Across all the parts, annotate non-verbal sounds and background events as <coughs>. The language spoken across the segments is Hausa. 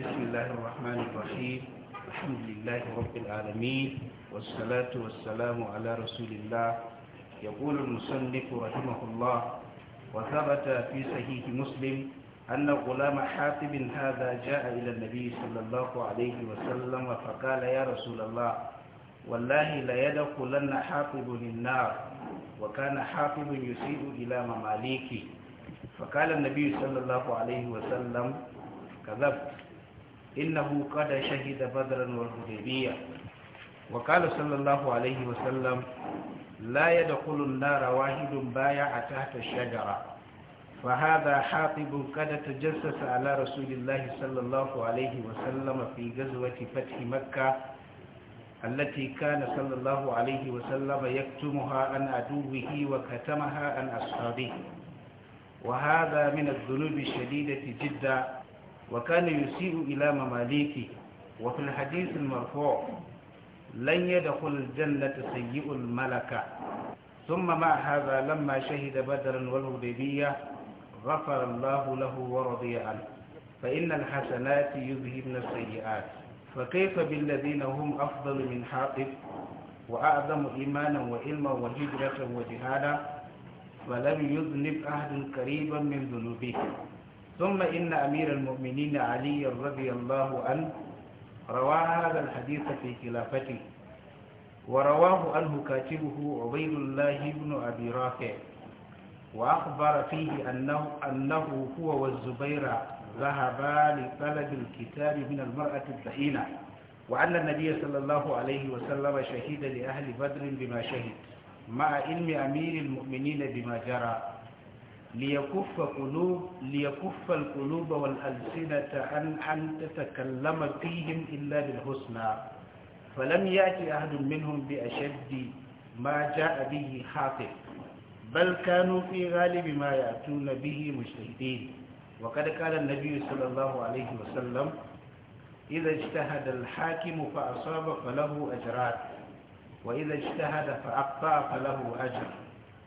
بسم الله الرحمن الرحيم الحمد لله رب العالمين والصلاة والسلام على رسول الله يقول المصنف رحمه الله وثبت في صحيح مسلم أن غلام حاتب هذا جاء إلى النبي صلى الله عليه وسلم فقال يا رسول الله والله ليدخلن حاطب النار وكان حاطب يسيء إلى مماليكي فقال النبي صلى الله عليه وسلم كذبت إنه قد شهد بدرا والهديبية وقال صلى الله عليه وسلم لا يدخل النار واحد بايع تحت الشجرة فهذا حاطب قد تجسس على رسول الله صلى الله عليه وسلم في غزوة فتح مكة التي كان صلى الله عليه وسلم يكتمها عن عدوه وكتمها عن أصحابه وهذا من الذنوب الشديدة جدا وكان يسيء إلى مماليكه وفي الحديث المرفوع لن يدخل الجنة سيء الملكة ثم مع هذا لما شهد بدرا والهديبية غفر الله له ورضي عنه فإن الحسنات يذهبن السيئات فكيف بالذين هم أفضل من حاطب وأعظم إيمانا وعلما وهجرة وجهادا فلم يذنب أحد قريبا من ذنوبهم ثم إن أمير المؤمنين علي رضي الله عنه روى هذا الحديث في خلافته ورواه عنه كاتبه عبيد الله بن أبي رافع وأخبر فيه أنه, أنه هو والزبير ذهبا لطلب الكتاب من المرأة الدئينة وأن النبي صلى الله عليه وسلم شهيد لأهل بدر بما شهد مع علم أمير المؤمنين بما جرى ليكف قلوب ليكف القلوب والألسنة عن أن تتكلم فيهم إلا بالحسنى فلم يأتي أحد منهم بأشد ما جاء به خاطئ بل كانوا في غالب ما يأتون به مجتهدين وقد قال النبي صلى الله عليه وسلم إذا اجتهد الحاكم فأصاب فله أجرات وإذا اجتهد فأقطع فله أجر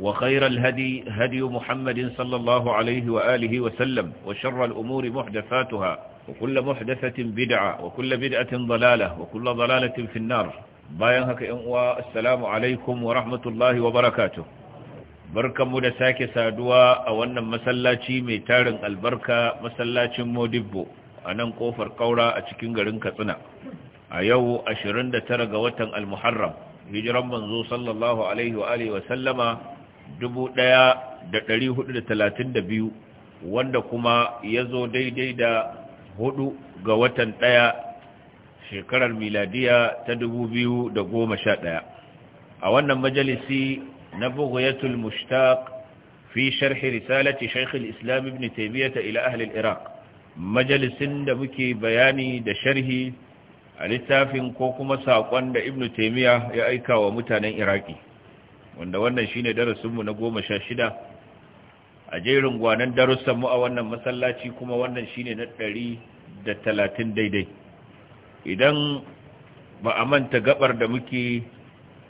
وخير الهدي هدي محمد صلى الله عليه وآله وسلم وشر الأمور محدثاتها وكل محدثة بدعة وكل بدعة ضلالة وكل ضلالة في النار باينهك إنواء السلام عليكم ورحمة الله وبركاته barkan mu da sake saduwa a wannan masallaci mai tarin albarka masallacin modibbo a nan kofar kaura a cikin garin katsina a yau 29 ga watan almuharram hijiran manzo sallallahu wa biyu, wanda kuma ya zo daidai da hudu ga watan ɗaya shekarar miladiya ta da goma sha ɗaya. a wannan majalisi na bughyatul mushtaq fi sharhi risalati shaykh al-islam ibn taymiyyah ila ahli al-iraq majalisin da muke bayani da sharhi a littafin ko kuma saƙon da ibn taymiyyah ya aika wa mutanen iraki wanda wannan shine darasinmu na goma sha shida a jerin gwanan darussanmu a wannan masallaci kuma wannan shine na ɗari da talatin daidai idan ba a manta gabar da muke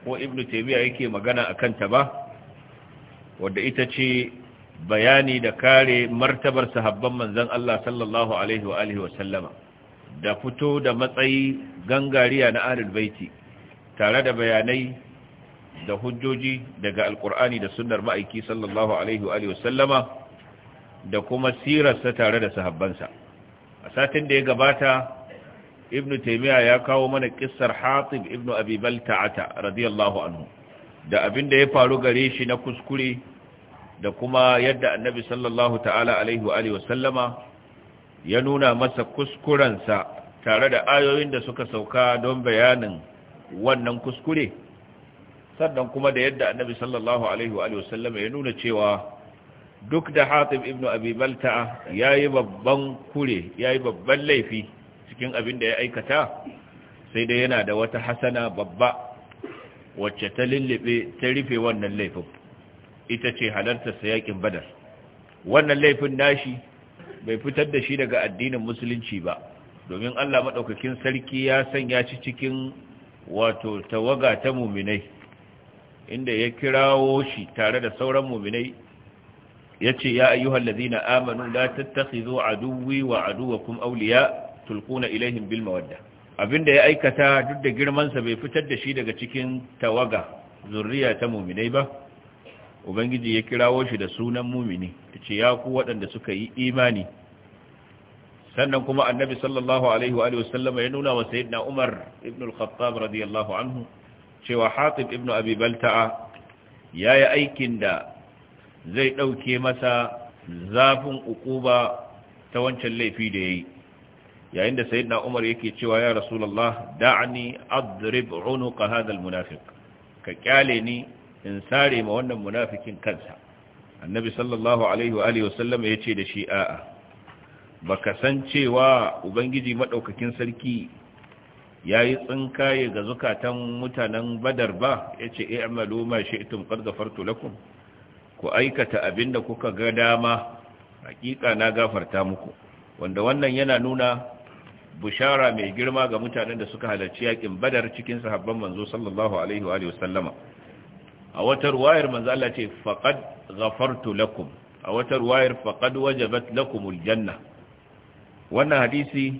ko ibnu taimiyya yake magana a kanta ba wadda ita ce bayani da kare martabar sahabban manzan Allah sallallahu alaihi wa da fito da matsayi gangariya na ahlul baiti tare da bayanai da hujjoji daga alkur'ani da sunnar ma'aiki sallallahu alaihi wa sallama da kuma sirarsa tare da sahabbansa a satin da ya gabata ibn taymiya ya kawo mana kissar hatib ibn abi balta'ata radiyallahu anhu da abin da ya faru gare shi na kuskure da kuma yadda annabi sallallahu ta'ala alaihi wa sallama ya nuna masa kuskurensa tare da ayoyin da suka sauka don bayanin wannan kuskure sannan kuma da yadda annabi sallallahu alaihi wa sallama ya nuna cewa duk da hatib ibn abi balta ya yi babban kure ya yi babban laifi cikin abin da ya aikata sai dai yana da wata hasana babba wacce ta lullube ta rufe wannan laifin ita ce halartarsa yakin badar wannan laifin nashi bai fitar da shi daga addinin musulunci ba domin allah maɗaukakin sarki ya sanya shi cikin wato tawaga ta muminai inda ya kirawo shi tare da sauran muminai ya ce ya ayyuhal ladina amanu la a aduwwi wa aduwwakum awliya tulquna ilaihim bil mawadda abinda ya aikata duk da girmansa bai fitar da shi daga cikin tawaga zurriya ta muminai ba ubangiji ya kirawo shi da sunan mumini ce ya ku waɗanda suka yi imani sannan kuma annabi sallallahu alaihi wa sallama ya nuna wa sayyidina Umar ibn al-Khattab radiyallahu anhu cewa hatib ibn abi balta'a ya yi aikin da zai ɗauke masa zafin ukuba ta wancan laifi da ya yi yayin da sayyidina umar yake cewa ya rasulullah da'ani adrib unuqa hadha almunafiq ka kyale ni in sare ma wannan munafikin kansa annabi sallallahu alaihi wa alihi wasallam yace da shi a'a baka san cewa ubangiji madaukakin sarki ya yi tsinkaye ga zukatan mutanen badar ba ya ce e amalu ma shi'tum qad ghafartu lakum ku aikata abin da kuka ga dama hakika na gafarta muku wanda wannan yana nuna bushara mai girma ga mutanen da suka halarci yakin badar cikin sahabban manzo sallallahu alaihi wa sallama a wata ruwayar manzo Allah ce faqad ghafartu lakum a wata ruwayar faqad wajabat lakumul janna wannan hadisi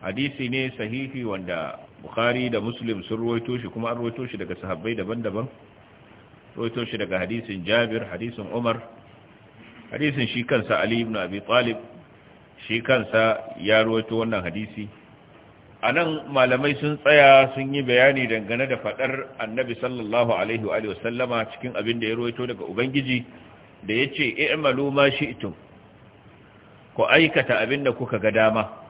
hadisi ne sahihi wanda bukhari da muslim sun ruwaito shi kuma an ruwaito shi daga sahabbai daban-daban ruwaito shi daga hadisin jabir hadisin umar hadisin shi kansa ali ibn abi talib shi kansa ya ruwaito wannan hadisi a nan malamai sun tsaya sun yi bayani dangane da fadar annabi sallallahu alaihi wa sallama cikin abin da ya ruwaito daga ubangiji da ya ce i'malu ma shi'tum ku aikata abin da kuka ga dama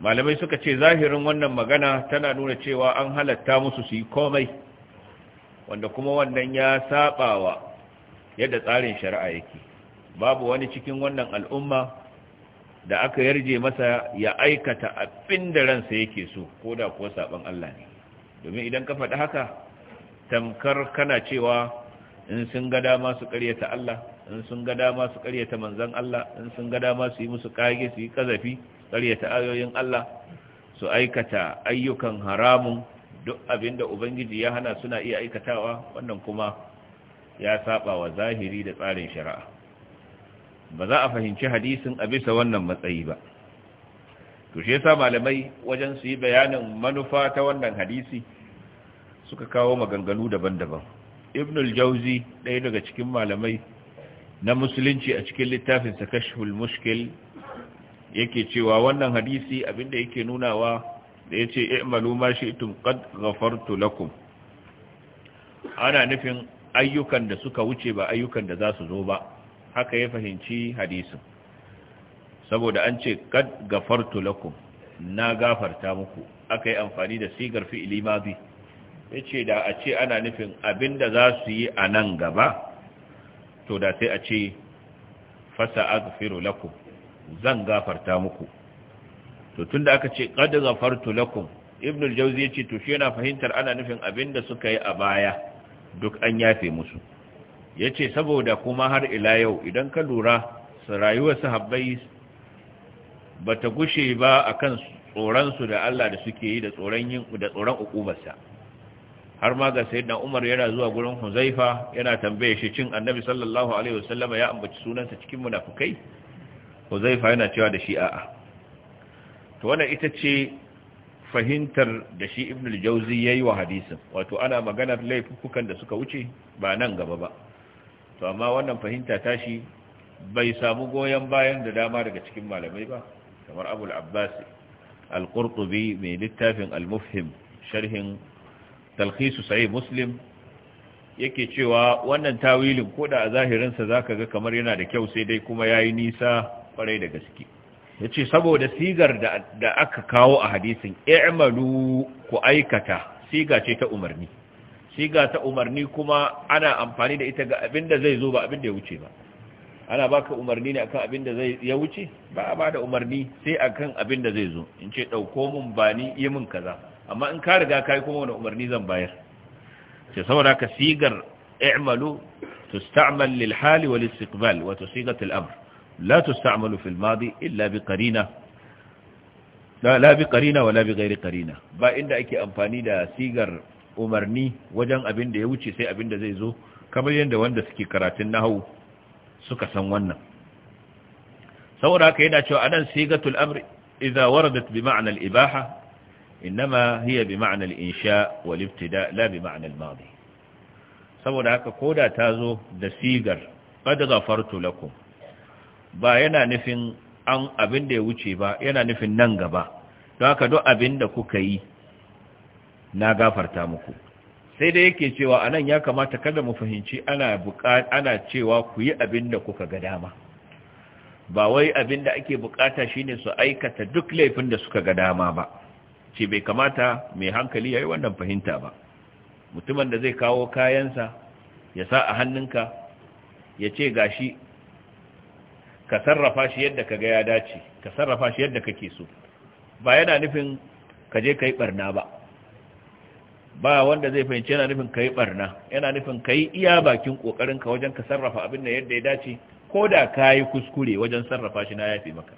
malamai suka ce zahirin wannan magana tana nuna cewa an halatta musu su yi komai wanda kuma wannan ya sabawa yadda tsarin shari'a yake babu wani cikin wannan al'umma da aka yarje masa ya aikata abin da ransa yake so ko da kuwa saban Allah ne domin idan ka faɗi haka tamkar kana cewa in sun ga dama su ƙaryata Allah in sun ga dama su karyata manzan Allah in sun ga dama su yi musu kage su yi kazafi karyata ayoyin Allah su aikata ayyukan haramun duk abinda ubangiji ya hana suna iya aikatawa wannan kuma ya saba wa zahiri da tsarin shari'a ba za a fahimci hadisin a bisa wannan matsayi ba to shi yasa malamai wajen su yi bayanin manufa ta wannan hadisi suka kawo maganganu daban-daban ibnul jauzi ɗaya daga cikin malamai na musulunci a cikin littafin sa kashful mushkil yake cewa wannan hadisi abinda yake nunawa da yace i'malu ma shi'tum qad ghafartu lakum ana nufin ayyukan da suka wuce ba ayyukan da za su zo ba haka ya fahimci hadisin saboda an ce qad ghafartu lakum na gafarta muku aka yi amfani da sigar fi'ili mazi yace da a ce ana nufin abinda za su yi a nan gaba to da sai a ce fasa aghfiru lakum zan gafarta muku to tunda aka ce qad ghafartu lakum ibnu al-jawzi yace to shi yana fahimtar ana nufin abin da suka yi a baya duk an yafe musu yace saboda kuma har ila yau idan ka lura rayuwar sahabbai bata gushe ba akan tsoron su da Allah da suke yi da tsoron yin da tsoron ukubarsa har ma ga sayyidina Umar yana zuwa gurin Huzaifa yana tambaye shi cin Annabi sallallahu alaihi wasallam ya ambaci sunansa cikin munafukai Huzaifa yana cewa da shi a'a to wannan ita ce fahimtar da shi Ibn al-Jawzi yayi wa hadisin wato ana maganar laifukan da suka wuce ba nan gaba ba to amma wannan fahimta tashi bai samu goyen bayan da dama daga cikin malamai ba kamar Abu al-Abbas al-Qurtubi mai littafin al-Mufhim sharhin talkhisu sai muslim yake cewa wannan tawilin ko da a zahirinsa zaka ga kamar yana da kyau sai dai kuma ya yi nisa kwarai da gaske yace saboda sigar da, aka kawo a hadisin i'malu ku aikata siga ce ta umarni siga ta umarni kuma ana amfani da ita ga abinda zai zo ba abinda ya wuce ba ana baka umarni ne akan abinda zai ya wuce ba a bada umarni sai akan abinda zai zo in ce dauko mun bani yi mun kaza amma in ka riga yi kuma wani umarni zan bayar sai saboda ka sigar i'malu tusta'mal lil hali wal istiqbal wa tusigat al amr la tusta'malu fil madi illa bi qarina la bi qarina wala bi ghairi qarina ba inda ake amfani da sigar umarni wajen abin da ya wuce sai abin da zai zo kamar yadda wanda suke karatun nahawu suka san wannan saboda haka yana cewa anan sigatul amr idza waradat bi ma'na al ibaha innama hiya bi ma'anar insha wal ibtida la bi ma'anar madi saboda haka koda ta zo da sigar qad ghafartu lakum ba yana nufin an abin da ya wuce ba yana nufin nan gaba To haka duk abin da kuka yi na gafarta muku sai da yake cewa anan ya kamata kada mu fahimci ana cewa ku yi abin da kuka ga dama ba wai abin da ake bukata shine su aikata duk laifin da suka ga dama ba ce bai kamata mai hankali ya yi wannan fahimta ba mutumin da zai kawo kayansa ya sa a hannunka ya ce gashi ka sarrafa shi yadda ka ga ya dace ka sarrafa shi yadda kake so ba yana nufin ka je ka yi barna ba ba wanda zai fahimci yana nufin ka yi barna yana nufin ka yi iya bakin kokarinka wajen ka sarrafa abin da yadda ya dace ko da ka yi kuskure wajen sarrafa shi na yafi maka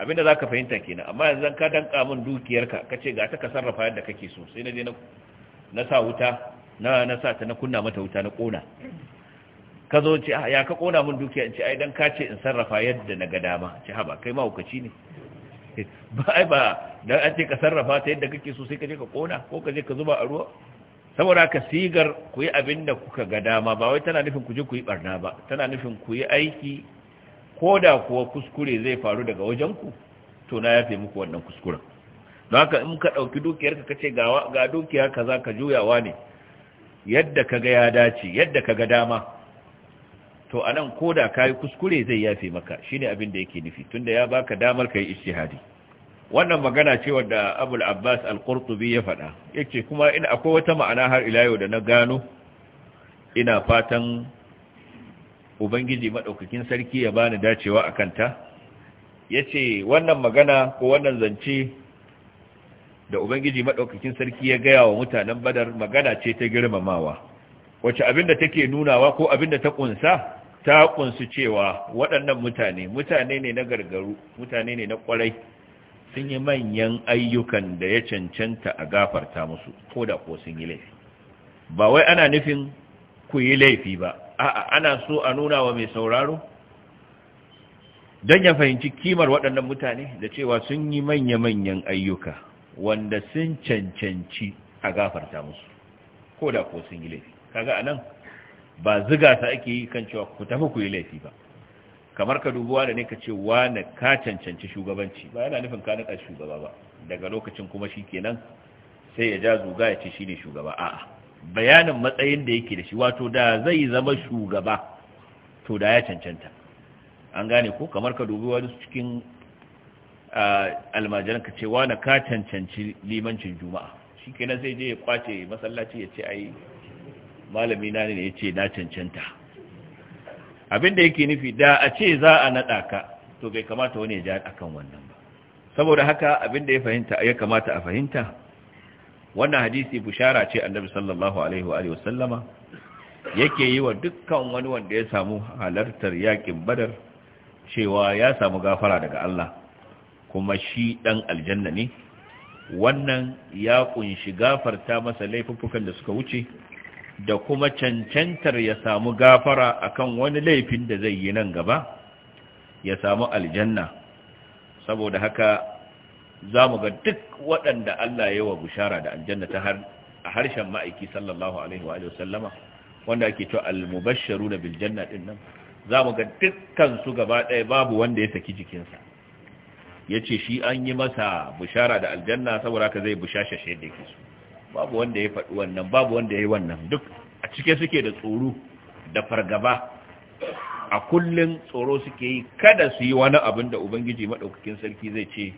abinda zaka fahimta kenan amma yanzu ka danka min dukiyarka kace ga ta ka sarrafa yadda kake so sai na je na na sa wuta na na sa ta na kunna mata wuta na kona ka zo ce ah, ya ka kona min dukiya in ce ai dan ka ce in sarrafa yadda na ga dama ce ha ba kai ma hukaci ne <laughs> ba ai ba dan an ce ka sarrafa ta yadda kake so sai ka je ka kona ko ka je ka zuba a ruwa saboda ka sigar ku yi abin kuka ga dama ba wai tana nufin ku je ku yi barna ba tana nufin ku yi aiki ko da kuwa kuskure zai faru daga wajenku to na yafe muku wannan kuskuren don haka in ka ɗauki dukiyarka ka ce ga dukiya ka ka juyawa ne yadda ka ga ya dace yadda ka ga dama to a nan ko da ka kuskure zai yafe maka shi ne abin da yake nufi tunda ya baka damar ka yi ishihadi wannan magana cewa da abul abbas al-qurtubi ya faɗa yake kuma ina akwai wata ma'ana har ila yau da na gano ina fatan ubangiji maɗaukakin sarki ya bani dacewa a kanta. Ya ce wannan magana ko wannan zance da ubangiji maɗaukakin sarki ya gaya wa mutanen badar magana ce ta girmamawa wace abinda take nunawa ko abin da ta kunsa ta ƙunsu cewa waɗannan mutane mutane ne na gargaru mutane ne na ƙwarai sun yi manyan ayyukan da ya cancanta a gafarta musu ko da ko sun yi laifi ba wai ana nufin ku yi laifi ba a'a ana so a nuna wa mai sauraro don ya fahimci kimar waɗannan mutane da cewa sun yi manya-manyan ayyuka wanda sun cancanci a gafarta musu ko da ko sun yi laifi kaga anan ba ziga ta ake yi kan cewa ku tafi ku yi laifi ba kamar ka dubuwa da ne ka ce na ka cancanci shugabanci ba yana nufin ka nika shugaba ba daga lokacin kuma shi kenan sai ya ja zuga ya ce shi ne shugaba a'a bayanin matsayin da yake da shi wato da zai zama shugaba to da ya cancanta an gane ko kamar ka dubi wani cikin almajiran ka ce wani ka cancanci limancin juma'a shi kenan sai je ya kwace masallaci ya ce ai malami na ne ya ce na cancanta abinda yake nufi da a ce za a naɗa ka to bai kamata wani ya ja akan wannan ba saboda haka abinda ya fahimta ya kamata a fahimta wannan hadisi bushara ce annabi sallallahu alaihi wa alihi wasallama yake yi wa dukkan wani wanda ya samu halartar yakin badar cewa ya samu gafara daga Allah kuma shi dan aljanna ne wannan ya kunshi gafarta masa laifukan da suka wuce da kuma cancantar ya samu gafara akan wani laifin da zai yi nan gaba ya samu aljanna saboda haka za mu ga duk waɗanda Allah ya yi wa bushara da aljanna ta harshen ma'aiki sallallahu alaihi wa sallama wanda ake cewa al-mubashsharu da bil janna din nan za mu ga dukkan su gaba ɗaya babu wanda ya saki jikinsa yace shi an yi masa bushara da aljanna saboda haka zai bushasha shi yadda yake so babu wanda ya faɗi wannan babu wanda ya yi wannan duk a cike suke da tsoro da fargaba a kullum tsoro suke yi kada su yi wani abin da ubangiji madaukakin sarki zai ce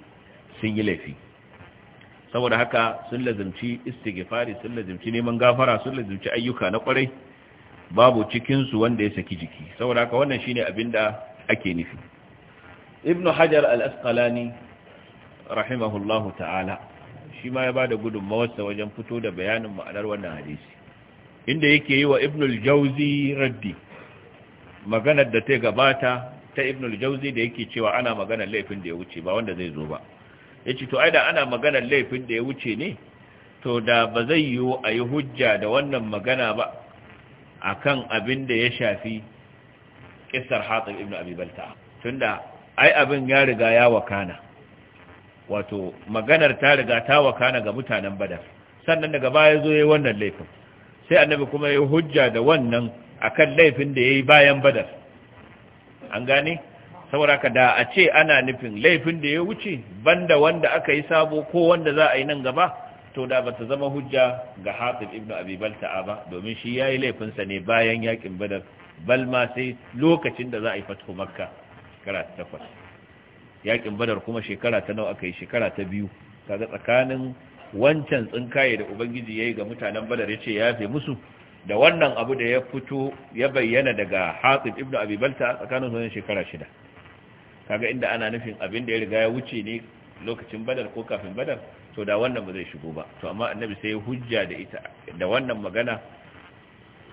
sun yi laifi saboda haka sun lazimci istighfari sun lazimci neman gafara sun lazimci ayyuka na kwarai babu cikin su wanda ya saki jiki saboda haka wannan shine abinda ake nufi ibnu hajar al-asqalani rahimahullahu ta'ala shi ma ya bada gudunmawarsa wajen fito da bayanin ma'anar wannan hadisi inda yake yi wa ibnu al-jawzi raddi maganar da ta gabata ta ibnu al-jawzi da yake cewa ana maganar laifin da ya wuce ba wanda zai zo ba ya ce to ai da ana maganar laifin da ya wuce ne to da ba zai yiwu a yi hujja da wannan magana ba a kan abin da ya shafi ƙisar hatsar ibn abibalta tun da ai abin ya riga ya wakana wato maganar ta riga ta wakana ga mutanen badar sannan daga baya zo ya yi wannan laifin sai annabi kuma ya yi hujja da wannan akan laifin da ya yi bayan badar an gane saboda ka da a ce ana nufin laifin da ya wuce banda wanda aka yi sabo ko wanda za a yi nan gaba to da bata zama hujja ga Hatib ibn Abi Balta'a ba domin shi yayi laifin sa ne bayan yakin Badar bal ma sai lokacin da za a yi fatu Makka shekara ta 8 yakin Badar kuma shekara ta nawa aka yi shekara ta biyu kaga tsakanin wancan tsinkaye da Ubangiji yayi ga mutanen Badar yace ya yafe musu da wannan abu da ya fito ya bayyana daga Hatib ibn Abi Balta'a tsakanin wannan shekara shida kaga inda ana nufin abin da ya riga ya wuce ne lokacin badar ko kafin badar to da wannan ba zai shigo ba to amma annabi sai ya hujja da ita da wannan magana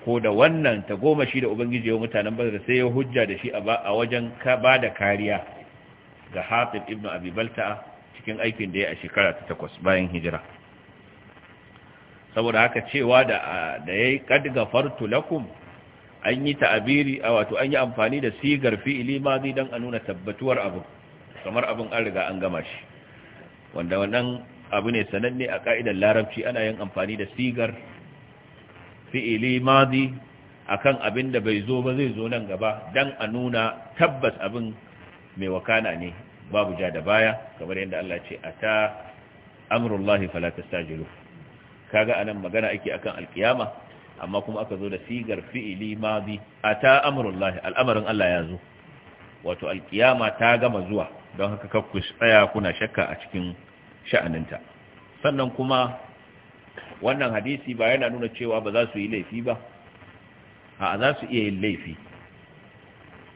ko da wannan ta goma shi da ubangiji ya mutanen badar sai ya hujja da shi a wajen ba da kariya ga hatib ibn abi balta'a cikin aikin da ya a shekara ta takwas bayan hijira saboda haka cewa da da yayi qad gafartu lakum an yi ta'abiri a wato an yi amfani da sigar fi'ili mazi don a nuna tabbatuwar abu kamar abin an riga an gama shi wanda wannan abu ne sananne a ka'idar larabci ana yin amfani da sigar fi'ili mazi kan abin da bai zo ba zai zo nan gaba don a nuna tabbas abin mai wakana ne babu ja da baya kamar yadda Allah ce a ta amurullahi jiru kaga anan magana ake akan alkiyama amma kuma aka zo da sigar fi'ili madi ata Lahi, al'amarin Allah ya zo wato alkiyama ta gama zuwa don haka kakku tsaya kuna shakka a cikin sha'aninta sannan kuma wannan hadisi ba yana nuna cewa ba za su yi laifi ba a za su iya yin laifi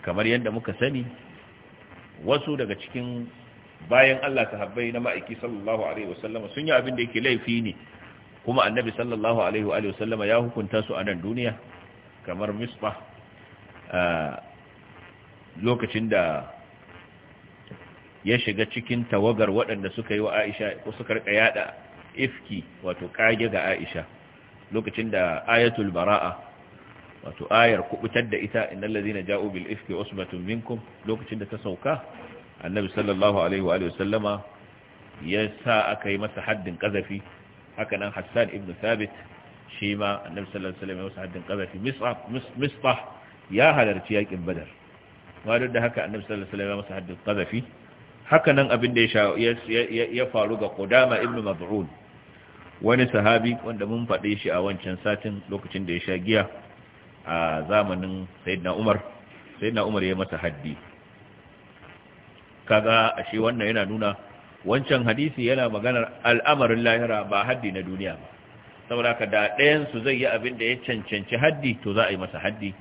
kamar yadda muka sani wasu daga cikin bayan Allah sahabbai na ma'aiki sallallahu alaihi wasallam sun yi abin da yake laifi ne kuma annabi sallallahu alaihi wa sallama ya hukunta su a nan duniya kamar misbah lokacin da ya shiga cikin tawagar waɗanda suka yi wa Aisha ko suka rika yada ifki wato kage ga Aisha lokacin da ayatul bara'a wato ayar kubutar da ita innal ladina ja'u bil ifki usbatun minkum lokacin da ta sauka annabi sallallahu alaihi wa sallama ya sa aka yi masa haddin kazafi haka nan hassan ibn Sabit shi ma annabi sallallahu alaihi wasallam ya wasu haddin qazafi misbah ya halarci yakin badar ma duk da haka annabi sallallahu alaihi wasallam ya masa haddin qazafi haka nan abin da ya faru ga qudama ibn mad'un wani sahabi wanda mun faɗe shi a wancan satin lokacin da ya sha giya a zamanin sayyidina umar sayyidina umar ya masa haddi kaga ashe wannan yana nuna wancan hadisi yana maganar al'amarin lahira ba haddi na duniya ba saboda ka da ɗayansu zai yi abin da ya cancanci haddi to za a yi masa haddi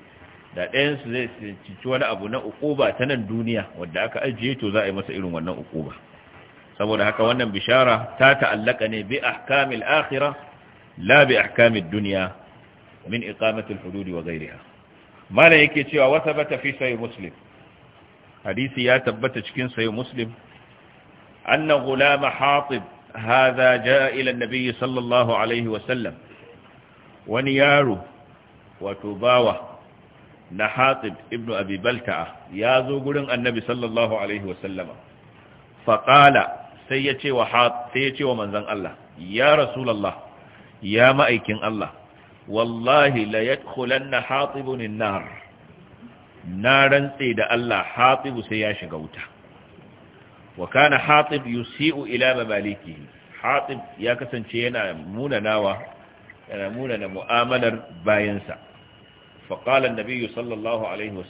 da ɗayansu zai cancanci wani abu na ukuba ta nan duniya wadda aka ajiye to za a yi masa irin wannan ukuba saboda haka wannan bishara ta ta'allaka ne bi ahkamil akhira la bi ahkamil duniya. min iqamati al wa ghayriha mala yake cewa wa thabata fi sahih muslim hadisi ya tabbata cikin sahih muslim أن غلام حاطب هذا جاء إلى النبي صلى الله عليه وسلم ونياره وتباوه na hatib ibn abi balta'a ya zo wurin annabi sallallahu alaihi wasallama faƙala sai ya ce wa Allah ya ce wa Allah ya ma aikin Allah wallahi la yadkhulanna hatibun nar na rantse da Allah hatibu sai ya shiga wuta Wakana kana hatib yusi'u ila mamalikihi hatib ya kasance yana munanawa yana munana mu'amalar bayansa Faƙalan qala an-nabi sallallahu alaihi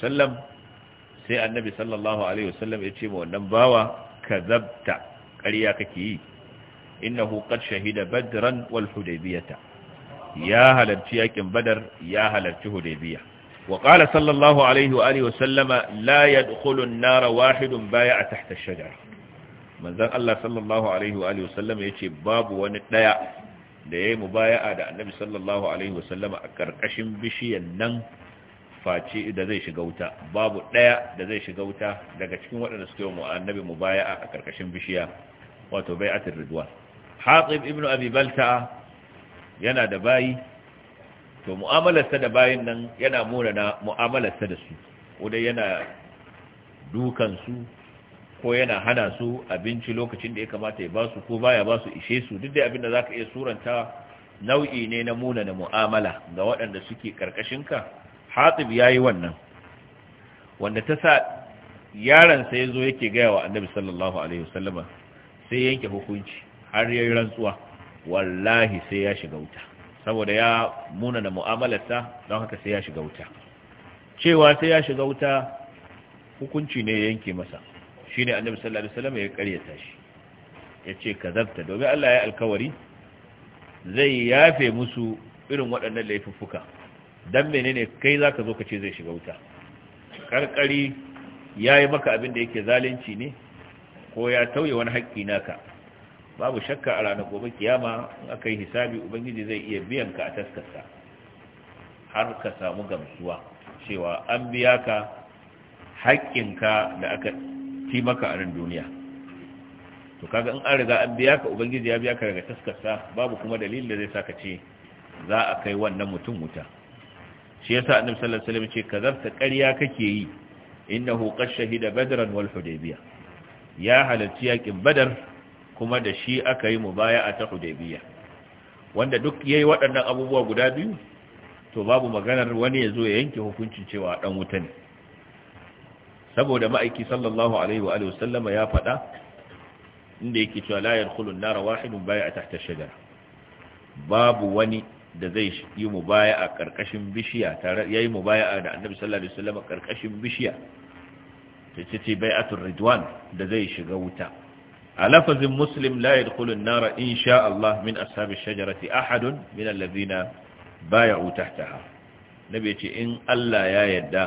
sai annabi sallallahu alaihi wasallam ya ce ma wannan bawa kazabta ƙarya kake yi innahu qad shahida badran wal hudaybiyata ya halarci yakin badar ya halarci hudaybiya وقال صلى الله عليه وآله وسلم لا يدخل النار واحد بايع تحت الشجرة من ذن الله صلى الله عليه وآله وسلم يتي باب ونطيع da ya yi mubaya'a da annabi sallallahu alaihi wasallama a karkashin bishiyan nan face da zai shiga wuta babu ɗaya da zai shiga wuta daga cikin waɗanda suke mu annabi mubaya'a a ƙarƙashin bishiya wato bai'atul ridwan hatib ibnu abi balta yana da bayi to mu'amalarsa da bayin nan yana munana mu'amalarsa da su ko dai yana dukansu, ko yana hana su abinci lokacin da ya kamata ya ba su ko baya ba su ishe su duk da abin da za ka iya suranta nau'i ne na munana mu'amala ga waɗanda suke ka hatib yayi wannan wanda ta sa yaransa ya zo yake gaya wa annabi sallallahu alaihi wasallama sai yanke hukunci har ya yi rantsuwa wallahi sai ya shiga wuta saboda ya munana mu'amalarsa don haka sai ya shiga wuta cewa sai ya shiga wuta hukunci ne ya yanke masa shine annabi sallallahu alaihi wasallam ya karyata shi yace kazabta domin Allah ya alkawari zai yafe musu irin waɗannan laifuffuka dan menene kai zaka zo ka ce zai shiga wuta karkari yayi maka abin da yake zalunci ne ko ya tauye wani haƙƙi naka babu shakka a ranar gobe kiyama in aka yi hisabi ubangiji zai iya biyan ka a taskarsa har ka samu gamsuwa cewa an biya ka haƙƙinka da aka ci maka a nan duniya to kaga in an riga an biya ka ubangiji ya biya ka daga taskarsa babu kuma dalilin da zai sa ka ce za a kai wannan mutum wuta shi yasa annabi sallallahu alaihi wasallam ce kazarta ƙarya kake yi innahu qad shahida badran wal hudaybiyah ya halarci yakin badar kuma da shi aka yi mubaya'a ta hudaybiya wanda duk ya yi waɗannan abubuwa guda biyu to babu maganar wani ya zo ya yanke hukuncin cewa ɗan wuta ne saboda ma'aiki sallallahu alaihi wa alihi wasallama ya faɗa inda yake cewa la yadkhulu an-nar wahidun bai'a tahta shajara babu wani da zai yi a ƙarƙashin bishiya tare yayi mubaya'a da annabi sallallahu alaihi wa wasallama ƙarƙashin bishiya ta ce bai bai'atul ridwan da zai shiga wuta a lafazin muslim la yadkhulun nara insha Allah min ashabi shajarati ahadun min allazina bay'u tahtaha nabi ce in Allah ya yadda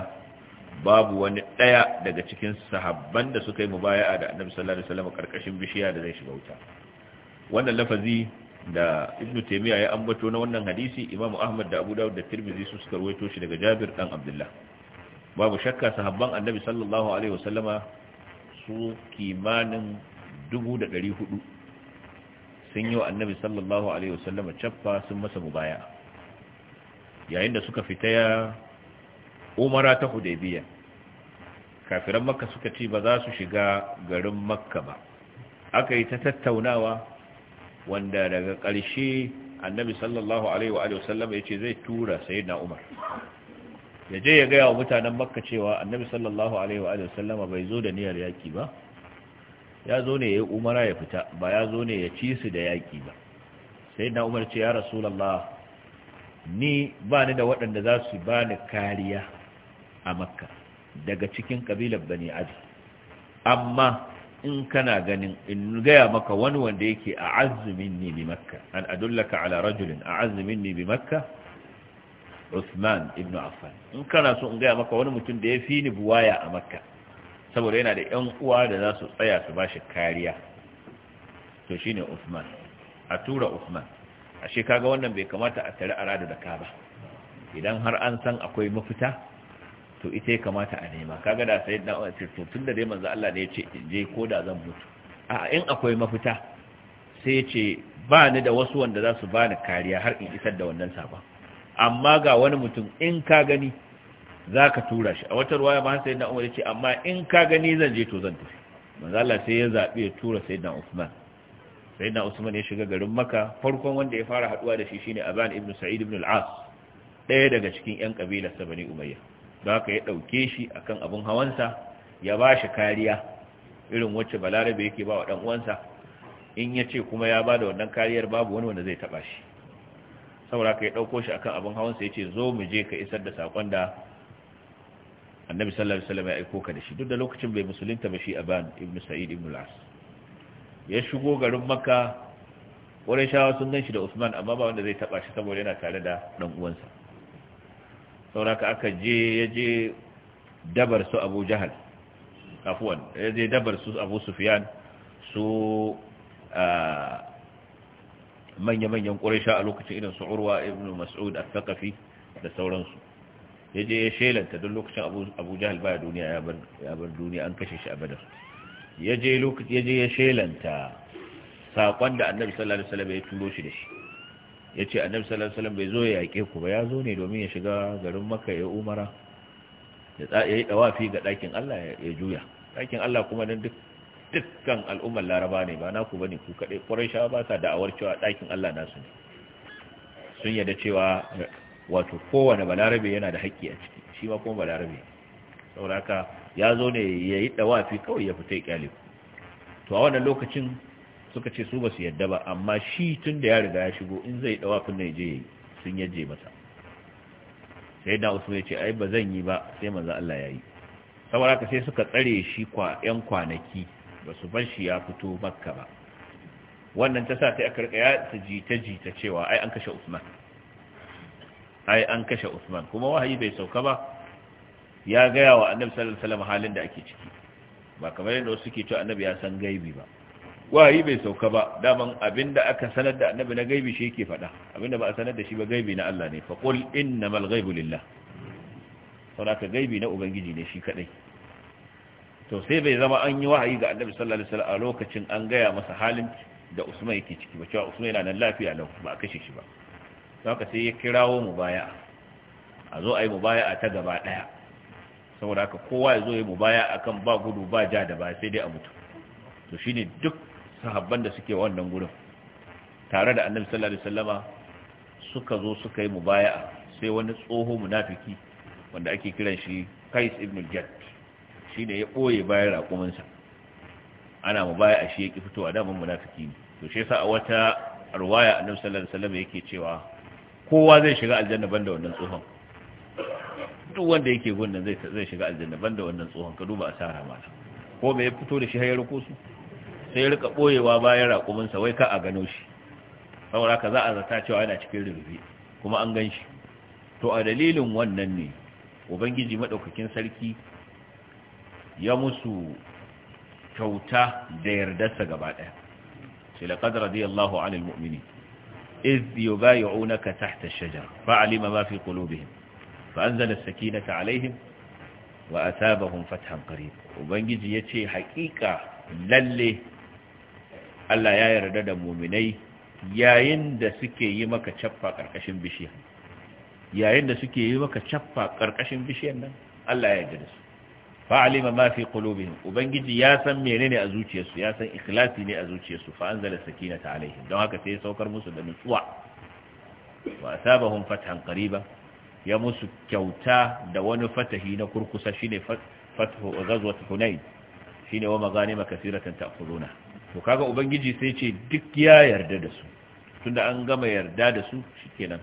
babu wani ɗaya daga cikin sahabban da suka yi baya da Annabi sallallahu alaihi wasallam karkashin bishiya da zai shiga wuta wannan lafazi da Ibn Taymiyyah ya ambato na wannan hadisi Imam Ahmad da Abu Dawud da Tirmidhi su suka rawaito shi daga Jabir dan Abdullah babu shakka sahabban Annabi sallallahu alaihi wasallama su kimanin dubu da ɗari hudu sun yi wa annabi sallallahu alaihi wasallama cappa sun masa mubaya yayin da suka fita ya umara ta hudaybiya kafiran makka suka ce ba za su shiga garin makka ba aka yi ta tattaunawa wanda daga ƙarshe annabi sallallahu alaihi wasallama ya ce zai tura na umar ya je ya gaya wa mutanen makka cewa annabi sallallahu alaihi wasallama bai zo da niyyar yaki ba ya zo ne ya yi umara ya fita ba ya zo ne ya ci su da yaƙi ba sai na umar ce ya rasulallah ni ba ni da waɗanda za su ba ni kariya a makka daga cikin ƙabilar bani aji amma in kana ganin in gaya maka wani wanda yake a azumin ne bi makka an adullaka ala rajulin a azumin ne bi makka Uthman ibn Affan in kana so in gaya maka wani mutum da ya fi ni buwaya a makka saboda yana da ‘yan uwa da za su tsaya su ba shi kariya to shi ne usman a tura usman a shekaga wannan bai kamata a tare a rada da ka ba idan har an san akwai mafita to ita ya kamata a nema kaga da sai da tun da dai manzo Allah ne ya ce in je ko da zan mutu a in akwai mafita sai ya ce ba ni da wasu wanda za su bani kariya har in isar da wannan sabon amma ga wani mutum in ka gani za ka tura shi a wata ruwa, ba sai na umar ya ce amma in ka gani zan je to zan tafi manzo sai ya zaɓi ya tura sai na usman sai na usman ya shiga garin maka farkon wanda ya fara haɗuwa da shi shine aban ibn sa'id ibn al-as ɗaya daga cikin yan kabila sa bani umayya don haka ya dauke shi akan abin hawansa ya ba shi kariya irin wacce balarabe yake ba wa dan uwansa in ya ce kuma ya ba da wannan kariyar babu wani wanda zai taɓa shi saboda ka ya ɗauko shi akan abin hawansa ya ce zo mu je ka isar da saƙon da annabi sallallahu alaihi wasallam ya aiko ka da shi duk da lokacin bai musulunta ba shi aban ibnu sa'id ibnu al-as ya shigo garin makka shawa sun ganshi da usman amma ba wanda zai taba shi saboda yana tare da dan uwansa sauraka aka je ya dabar su abu jahal Afwan ya dabar su abu sufyan su manya-manyan ƙuraisha a lokacin irin su urwa ibn mas'ud al-thaqafi da sauransu ya je ya shelanta don lokacin abu jahal baya duniya ya bar duniya an kashe shi a badar ya je ya shelanta saƙon da annabi sallallahu alaihi wasallam ya turo shi da shi ya ce annabi sallallahu alaihi wasallam bai zo ya yaƙe ku ba ya zo ne domin ya shiga garin maka ya umara ya yi dawafi ga ɗakin allah ya juya ɗakin allah kuma don dukkan al'ummar laraba ne ba naku ba ne ku kaɗai ƙwarai shawa ba sa da'awar cewa ɗakin allah nasu ne sun yada cewa wato kowane balarabe yana da haƙƙi a ciki shi ma kuma balarabe sauraka ya zo ne ya yi ɗawafi kawai ya fita ƙyale to a wannan lokacin suka ce su basu su yadda ba amma shi tun da ya riga ya shigo in zai ɗawafin na je sun yaje masa sai da usman ya ce ai ba zan yi ba sai manzo Allah ya yi sauraka sai suka tsare shi kwa yan kwanaki ba su bar shi ya fito makka ba wannan ta sa sai aka rika ya ta jita jita cewa ai an kashe usman ai an kashe Usman kuma wahayi bai sauka ba ya gaya wa annabi sallallahu alaihi wasallam halin da ake ciki ba kamar yadda wasu ke cewa annabi ya san gaibi ba wahayi bai sauka ba daman abinda aka sanar da annabi na gaibi shi yake faɗa abinda ba a sanar da shi ba gaibi na Allah ne fa qul innamal ghaibu lillah saboda gaibi na ubangiji ne shi kadai to sai bai zama an yi wahayi ga annabi sallallahu alaihi wasallam a lokacin an gaya masa halin da Usman yake ciki ba cewa Usman yana nan lafiya lau ba a kashe shi ba haka sai ya kirawo mubaya a zo a yi mubaya ta gaba daya saboda haka kowa ya zo ya mubaya akan ba gudu ba ja da ba sai dai a mutu to shine duk sahabban da suke wannan gurin tare da annabi sallallahu alaihi wasallama suka zo suka yi mubaya'a sai wani tsoho munafiki wanda ake kiran shi Kais ibn al shine ya boye bayan raƙumansa, sa ana mubaya'a shi ya ki fitowa da mun munafiki ne to shi yasa a wata ruwaya annabi sallallahu alaihi wasallama yake cewa kowa zai shiga aljanna banda wannan tsohon duk wanda yake gunnan zai zai shiga aljanna banda wannan tsohon ka duba asara mata ko me ya fito da shi har ya ruko su sai ya rika boyewa bayan raƙumin sa wai ka a gano shi saboda ka za a zata cewa yana cikin rubi kuma an gan shi to a dalilin wannan ne ubangiji madaukakin sarki ya musu kyauta da yardarsa gaba ɗaya sai laqad radiyallahu 'anil mu'minin إذ يبايعونك تحت الشجر فعلم ما في قلوبهم فأنزل السكينة عليهم وأتابهم فتحا قريبا وبنجي يتي حقيقة للي Allah ya yarda da muminai yayin da suke yi maka caffa karkashin bishiya yayin da suke yi maka caffa karkashin bishiyar nan Allah ya yarda fa'alima ma fi qulubihim ubangiji ya san menene a zuciyarsu ya san ikhlasi ne a zuciyarsu fa anzala sakinata alaihim don haka sai ya saukar musu da nutsuwa saba asabahum fathan ba ya musu kyauta da wani fatahi na kurkusa shine fathu ghazwat hunain shine wa maganima kaseeratan ta'khuduna to kaga ubangiji sai ce duk ya yarda da su tunda an gama yarda da su shikenan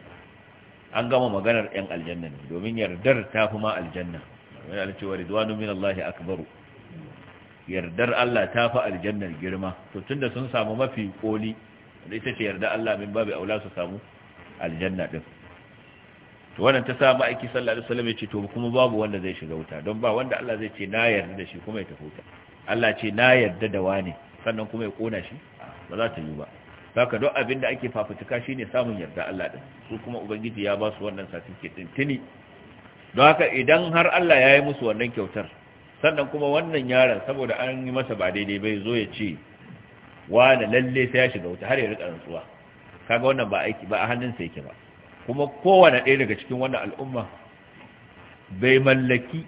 an gama maganar yan aljanna ne domin yardar ta ma aljanna wani da cewa ridwanu min Allah akbaru yardar Allah ta fi aljannar girma to tunda sun samu mafi koli da ita ce yarda Allah min babu aula su samu aljanna din to wannan ta sa ma'aiki sallallahu alaihi wasallam ya ce to kuma babu wanda zai shiga wuta don ba wanda Allah zai ce na yarda da shi kuma ya tafi wuta Allah ce na yarda da wani sannan kuma ya kona shi ba za ta yi ba saka duk abin da ake fafutuka shine samun yarda Allah din su kuma ubangiji ya ba su wannan satin din tuni don haka idan har Allah ya yi musu wannan kyautar sannan kuma wannan yaron saboda an yi masa ba daidai bai zo ya ce wane lalle sai ya shiga wuta har ya rika rantsuwa kaga wannan ba aiki ba a hannunsa yake ba kuma kowane ɗaya daga cikin wannan al'umma bai mallaki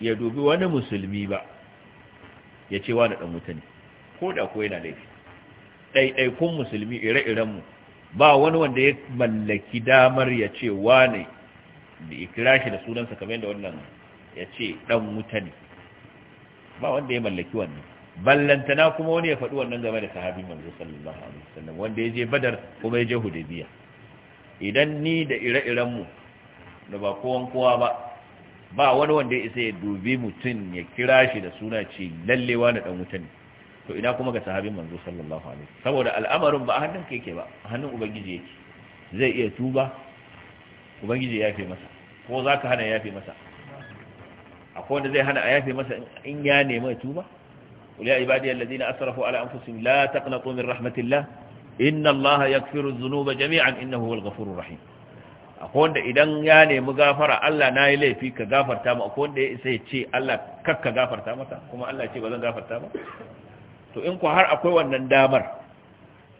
ya dubi wani musulmi ba ya ce wane ɗan wuta ne ko da ko yana laifi ɗaiɗaikun musulmi ire-irenmu ba wani wanda ya mallaki damar ya ce wane da ya shi da sunansa kamar yadda wannan ya ce ɗan wuta ne ba wanda ya mallaki wannan ballantana kuma wani ya faɗi wannan game da sahabin manzo sallallahu alaihi wasallam wanda ya je badar kuma ya je hudaybiya idan ni da ire-iren mu da ba kowan kowa ba ba wani wanda ya isa ya dubi mutum ya kira shi da suna ce lallewa na dan wuta ne to ina kuma ga sahabin manzo sallallahu alaihi saboda al'amarin ba a hannun ka ba a hannun ubangiji yake zai iya tuba ubangiji ya fi masa ko za ka hana yafe masa akwai wanda zai hana a yafe masa in ya nemi ya tuba uliya ibadiyar lalzina asarafu ala anfusin la taqnatu min rahmatillah inna allaha yaghfiru dhunuba jami'an innahu huwal ghafurur rahim akwai wanda idan ya nemi gafara Allah na yi laifi ka gafarta mu akwai wanda ya ce Allah kakka gafarta masa kuma Allah ce ba zan gafarta ba to in ku har akwai wannan damar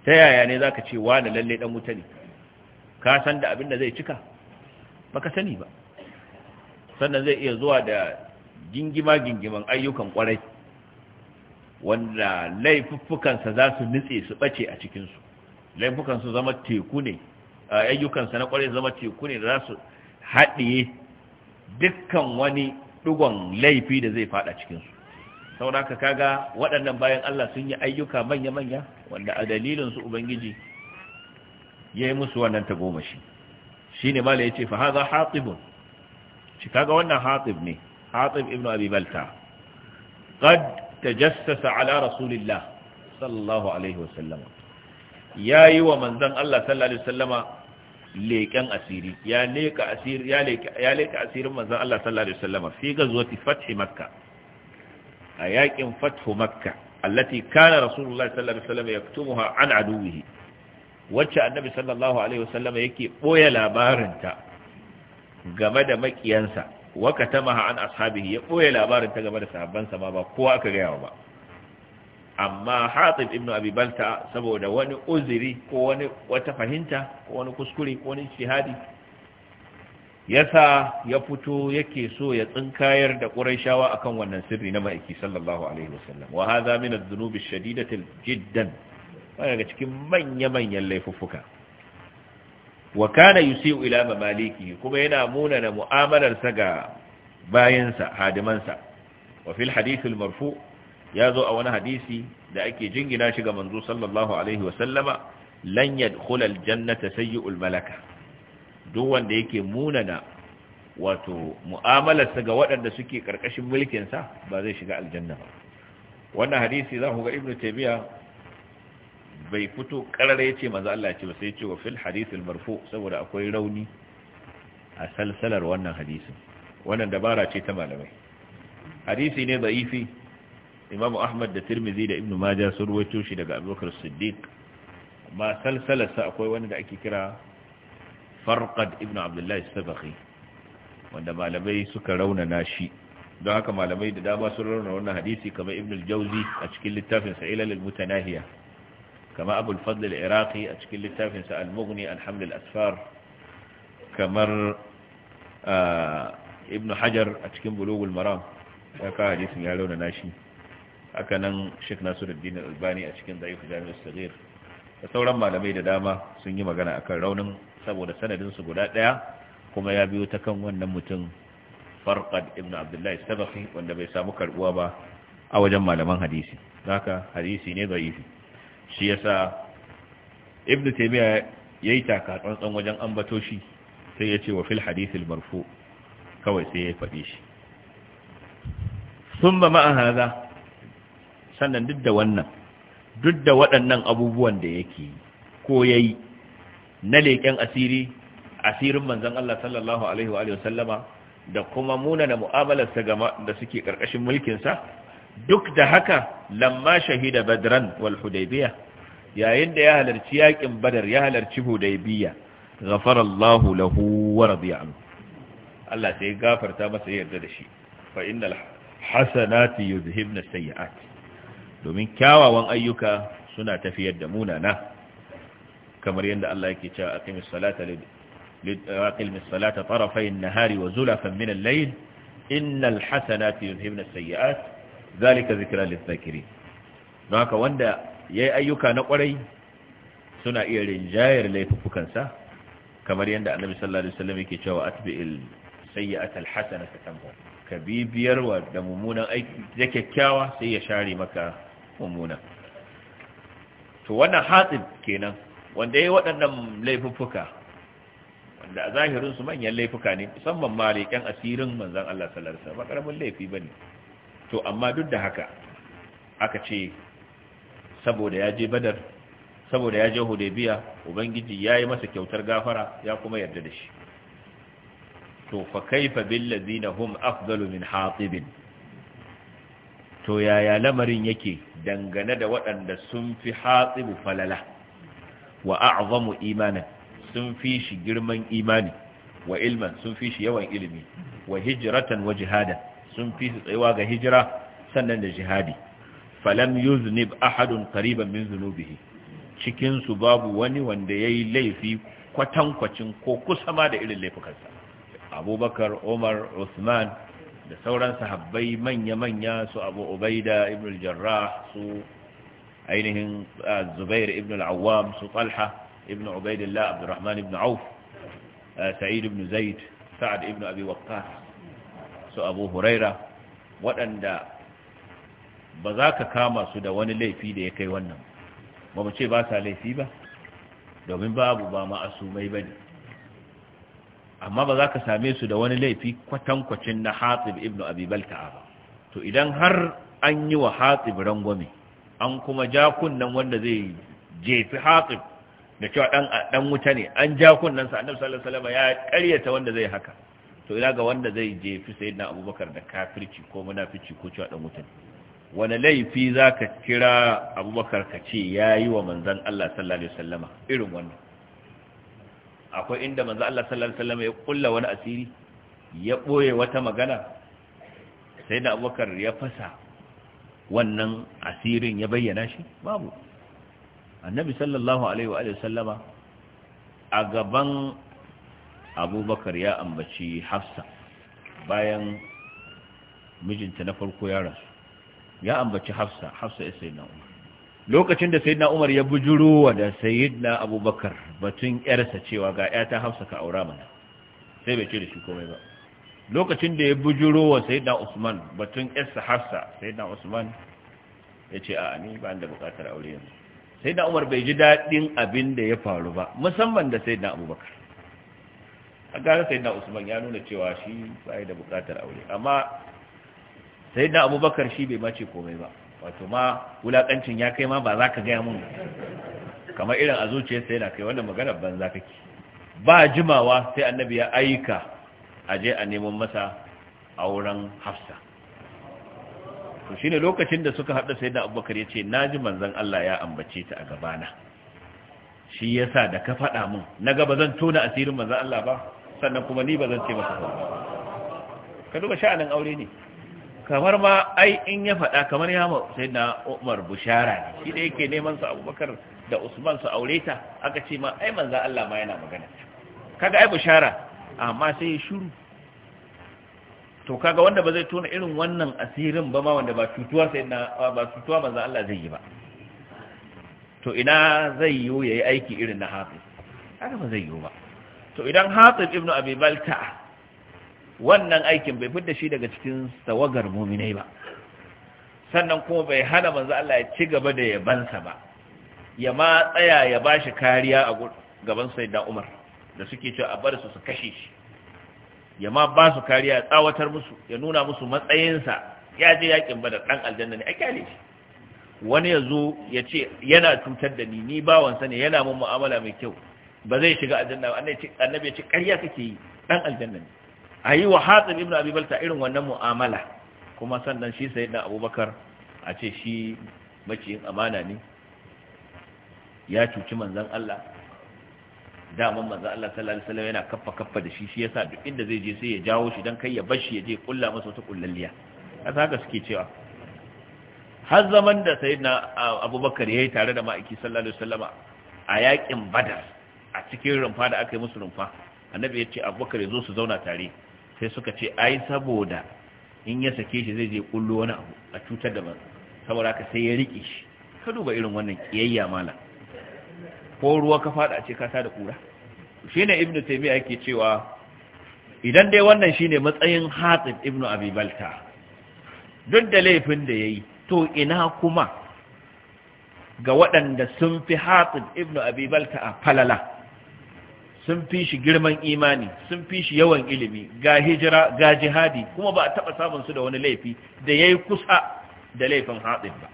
ta yaya ne zaka ce wani lalle dan wuta ne ka san da abin da zai cika baka sani ba sannan zai iya zuwa da gingima gingiman ayyukan kwarai wanda laifuffukansa za su nutse su bace a cikinsu laifukansu zama teku ne ayyukansa na kwarai zama teku ne da za su haɗiye dukkan wani ɗigon laifi da zai faɗa cikinsu sauraka kaga waɗannan bayan Allah sun yi ayyuka manya-manya wanda a dalilinsu Ubangiji ya yi musu wannan tagomashi shine mala ce fa hadha hatibun shi kaga wannan hatib ne hatib ibnu abi balta qad tajassasa ala rasulillah sallallahu alaihi ya yi wa manzan Allah sallallahu alaihi wasallama leken asiri ya leka asirin manzan Allah sallallahu alaihi wasallama fi gazwati fath makkah a yakin fath makkah allati kana rasulullah sallallahu alaihi wasallam yaktumuha an aduwihi wacce annabi sallallahu alaihi wasallam yake boye labarinta game da makiyansa waka tamaha an ashabihi ya boye labarinta game da sahabbansa sama ba kowa aka gaya ba amma hatib ibn abi balta saboda wani uzuri ko wani wata fahimta ko wani kuskure ko wani shihadi yasa ya fito yake so ya tsinkayar da qurayshawa akan wannan sirri na maiki sallallahu alaihi wasallam wa hadha min adh-dhunubi ash-shadidati jiddan daga cikin manya-manyan laifuffuka wa kana yusiu ila mamaliki kuma yana munana mu'amalarsa ga bayansa hadimansa wa fil hadith marfu ya zo a wani hadisi da ake jingina shi ga manzo sallallahu alaihi wa sallama lan yadkhula al jannata sayyi'ul malaka duk wanda yake munana wato mu'amalarsa ga waɗanda suke karkashin mulkin sa ba zai shiga aljanna ba wannan hadisi za ku ga ibnu taymiya bai fito karare ya ce maza Allah ya ce ba sai ya ce wa fil hadithil marfu saboda akwai rauni a salsalar wannan hadisin wannan dabara ce ta malamai hadisi ne za'ifi imamu ahmad da tirmizi da ibnu majah sun ruwaito shi daga abubakar siddiq amma salsalarsa akwai wani da ake kira farqad ibnu abdullahi sabaqi wanda malamai suka raunana shi don haka malamai da dama sun rauna wannan hadisi kamar ibnu al-jawzi a cikin littafin sa ilal mutanahiya kama abul fadl al a cikin littafinsa al-mughni alhamdul asfar kamar ibn hajar a cikin bulugul maram ya ka hadisin ya launa nashi haka nan sheikh nasiruddin albani a cikin da'if jami'ul saghir da sauran malamai da dama sun yi magana akan raunin saboda sanadin su guda ɗaya kuma ya biyo ta kan wannan mutum farqad ibn abdullahi sabaqi wanda bai samu karbuwa ba a wajen malaman hadisi zaka hadisi ne za'ifi shi ya yasa ibn taymiya yayi taka tsantsan wajen ambato shi sai ya ce wa fil hadith marfu kawai sai ya faɗi shi thumma ma'a hadha sannan duk da wannan duk da waɗannan abubuwan da yake ko yayi na leƙen asiri asirin manzon Allah sallallahu alaihi wa sallama da kuma munana mu'amalarsa ga da suke ƙarƙashin mulkinsa duk da haka lamma shahida badran wal hudaybiya yayin da ya halarci yakin badar ya halarci hudaybiya ghafarallahu lahu wa radiya anhu Allah sai gafarta masa yarda da shi fa innal hasanati yuzhibna sayyi'at domin kyawawan ayyuka suna tafiyar da munana kamar yadda Allah yake cewa aqimis salata لأقلم الصلاة طرفي النهار وزلفا من الليل إن الحسنات يذهبن السيئات zalika zikira lizakirin don haka wanda yayi ayyuka na kwarai suna iya rinjayar laifukansa kamar yadda annabi sallallahu alaihi wasallam yake cewa atbi'il sayyi'ata Satamba. Ka bibiyar wa da mummunan aiki da kyakkyawa sai ya share maka mummuna. to wannan hatsin kenan wanda yayi waɗannan laifuffuka wanda a zahirin su manyan laifuka ne musamman ma leƙen asirin manzon Allah sallallahu alaihi wasallam ba karamin laifi bane to amma duk da haka aka ce saboda ya je badar saboda ya je ubangiji ya yi masa kyautar gafara ya kuma yarda da shi to fa kaifa bil ladina hum afdalu min hatibin to yaya lamarin yake dangane da waɗanda sun fi hatsibu falala wa a'zamu imanan sun fi shi girman imani wa ilman sun fi shi yawan ilimi wa hijratan wa jihadan sun fi su tsayuwa ga hijira sannan da jihadi falam yuznib ahadun qariban min zunubihi cikin su babu wani wanda yayi laifi kwatankwacin ko kusa ma da irin laifukansa abubakar umar usman da sauran sahabbai manya-manya su abu ubaida ibn al-jarrah su ainihin zubair ibn al-awwam su talha ibn ubaidillah abdurrahman ibn auf sa'id ibn zaid sa'ad ibn abi waqqas su abu huraira waɗanda ba za ka kama su da wani laifi da ya kai wannan ba ce ba sa laifi ba domin babu ba ma'asumai ba ne amma ba za ka same su da wani laifi kwatankwacin na hatib ibn abibalta'a ba to idan har an yi wa hatib rangwame an kuma jakunan wanda zai jefi hatib da cewa dan wuta ne an jakunansa annabi sallallahu alaihi wasallam ya karyata wanda zai haka to ila ga wanda zai jefi na abubakar da kafirci ko munafici ko cewa dan wutan wani laifi za ka kira abubakar ka ce ya yi wa manzan Allah sallallahu Alaihi wasallama irin wannan akwai inda manzan Allah sallallahu Alaihi wasallama ya kulla wani asiri ya ɓoye wata magana sai da abubakar ya fasa wannan asirin ya bayyana shi babu annabi sallallahu Alaihi wasallama a gaban abubakar ya ambaci hafsa bayan mijinta na farko ya rasu ya ambaci hafsa hafsa ya sayi umar lokacin da sayi umar ya wa da sayi abubakar batun yarsa cewa ga ya ta hafsa ka aura mana sai bai ce da shi komai ba lokacin da ya wa sayi usman batun yarsa hafsa sayi usman ya ce a ni ba da bukatar aure yanzu sayi umar bai ji daɗin abin da ya faru ba musamman da sayi abubakar a gara sayyidina usman ya nuna cewa shi bai da bukatar aure amma sayyidina abubakar shi bai mace komai ba wato ma wulakancin ya kai ma ba za ka gaya mun kamar irin a sai na kai wannan maganar banza kake ba jimawa sai annabi ya aika a je a neman masa auren hafsa to shine lokacin da suka haɗa sayyidina abubakar ya ce na ji manzon Allah ya ambace ta a gabana shi yasa da ka faɗa mun na gaba zan tona asirin manzan Allah ba sannan kuma ni ba zan ce masa kawai ka duba sha'anin aure ne kamar ma ai in ya faɗa kamar ya ma sai na Umar bushara ne shi da yake neman su Abubakar da Usman su aure ta aka ce ma ai manzo Allah ma yana magana kaga ai bushara amma sai ya shiru to kaga wanda ba zai tona irin wannan asirin ba ma wanda ba cutuwa sai na ba cutuwa manzo Allah zai yi ba to ina zai yiwu yayi aiki irin na hafi haka ba zai yiwu ba to idan hatsin ibn abi balta wannan aikin bai fidda shi daga cikin tawagar muminai ba sannan kuma bai hana manzo Allah ya ci gaba da yabansa ba ya ma tsaya ya bashi kariya a gaban sayyida Umar da suke cewa a bar su su kashe shi ya ma ba su kariya ya tsawatar musu ya nuna musu matsayinsa ya je yakin ba da ɗan aljanna ne a kyale shi wani ya zo ya ce yana cutar da ni ni bawansa ne yana mun mu'amala mai kyau ba zai shiga aljanna ba annabi ya ce ƙarya kake yi dan aljanna ne a yi wa hatsin ibn abi balta irin wannan mu'amala kuma sannan shi sayyidina abubakar a ce shi maciyin amana ne ya cuci manzon Allah daman manzon Allah sallallahu alaihi wasallam yana kaffa kaffa da shi shi yasa duk inda zai je sai ya jawo shi dan kai ya bar shi ya je kulla masa wata kullalliya kasa haka suke cewa har zaman da sayyidina abubakar yayi tare da ma'aiki sallallahu alaihi wasallama a yakin badar a cikin rumfa da aka yi musu rumfa annabi ya ce abubakar ya zo su zauna tare sai suka ce ai saboda in ya sake shi zai je kullu wani abu a cutar da ba saboda haka sai ya rike shi ka duba irin wannan kiyayya mala ko ruwa ka fada a ce ka da kura shine ibnu taymiya yake cewa idan dai wannan shine matsayin hatib ibnu abi balta duk da laifin da yayi to ina kuma ga waɗanda sun fi hatib ibnu abi balta a falala sun fi shi girman imani sun fi shi yawan ilimi ga hijira ga jihadi kuma ba a taba samun su da wani laifi da yayi kusa da laifin haɗin ba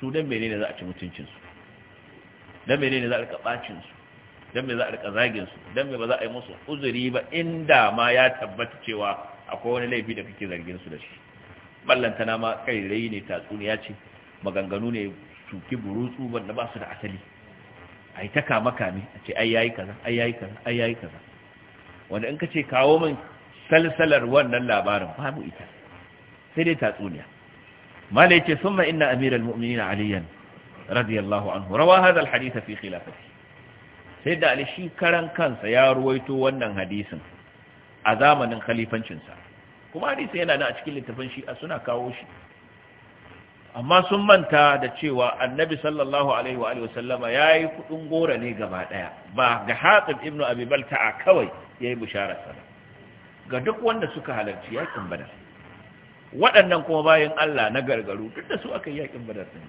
su dan menene ne za a ci mutuncinsu su dan ne za a rika su Dan me za a rika zaginsu Dan me ba za a yi musu uzuri ba inda ma ya tabbata cewa akwai wani laifi da kake zargin su da shi na ma kai rai ne tatsuniya ce maganganu ne suki burutsu da ba su da asali a yi ta a ce ai yayi kaza ai yayi kaza ai yayi kaza wanda in ka ce kawo min salsalar wannan labarin babu ita sai dai tatsuniya mala yace summa inna amiral mu'minin aliyan radiyallahu anhu rawa hadha al hadith fi khilafati sai da ali shi karan kansa ya ruwaito wannan hadisin a zamanin khalifancin sa kuma hadisi yana nan a cikin littafin shi a suna kawo shi amma sun manta da cewa annabi sallallahu alaihi wa alihi wasallama yayi kudin gora ne gaba daya ba ga Hatib ibn Abi Balta'a kawai yayi bisharar sa ga duk wanda suka halarci yakin Badar waɗannan kuma bayan Allah na gargaru duk da su aka yi yakin Badar din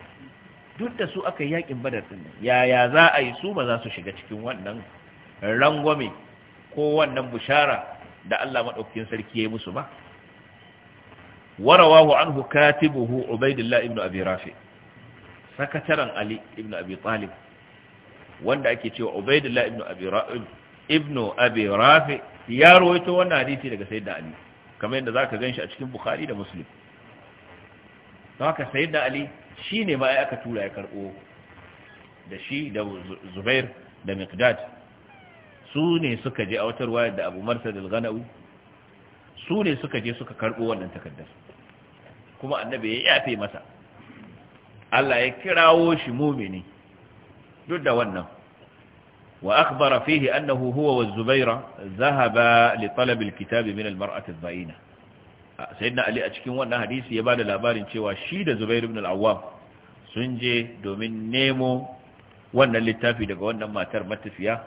duk da su aka yi yakin Badar din yaya za a yi su ba za su shiga cikin wannan rangwame ko wannan bishara da Allah madaukakin sarki yayi musu ba warawahu anhu katibuhu ubaidillah ibn abi sakataren ali ibn abi talib wanda ake cewa ubaidillah ibn abi ya rawaito wannan hadisi daga sayyidina ali kamar yadda zaka ganshi a cikin bukhari da muslim don haka sayyidina ali shine ma ya aka tura ya karbo da shi da zubair da miqdad su ne suka je a watar wayar da abu marsa da su ne suka je suka karbo wannan takardar. kuma annabi ya yafe masa Allah ya kirawo shi mumini duk da wannan wa akhbara fihi annahu huwa wa zubaira zahaba li talab alkitab min almar'ati adh-dha'ina sayyidina ali a cikin wannan hadisi ya bada labarin cewa shi da zubair ibn al-awwam sun je domin nemo wannan littafi daga wannan matar matafiya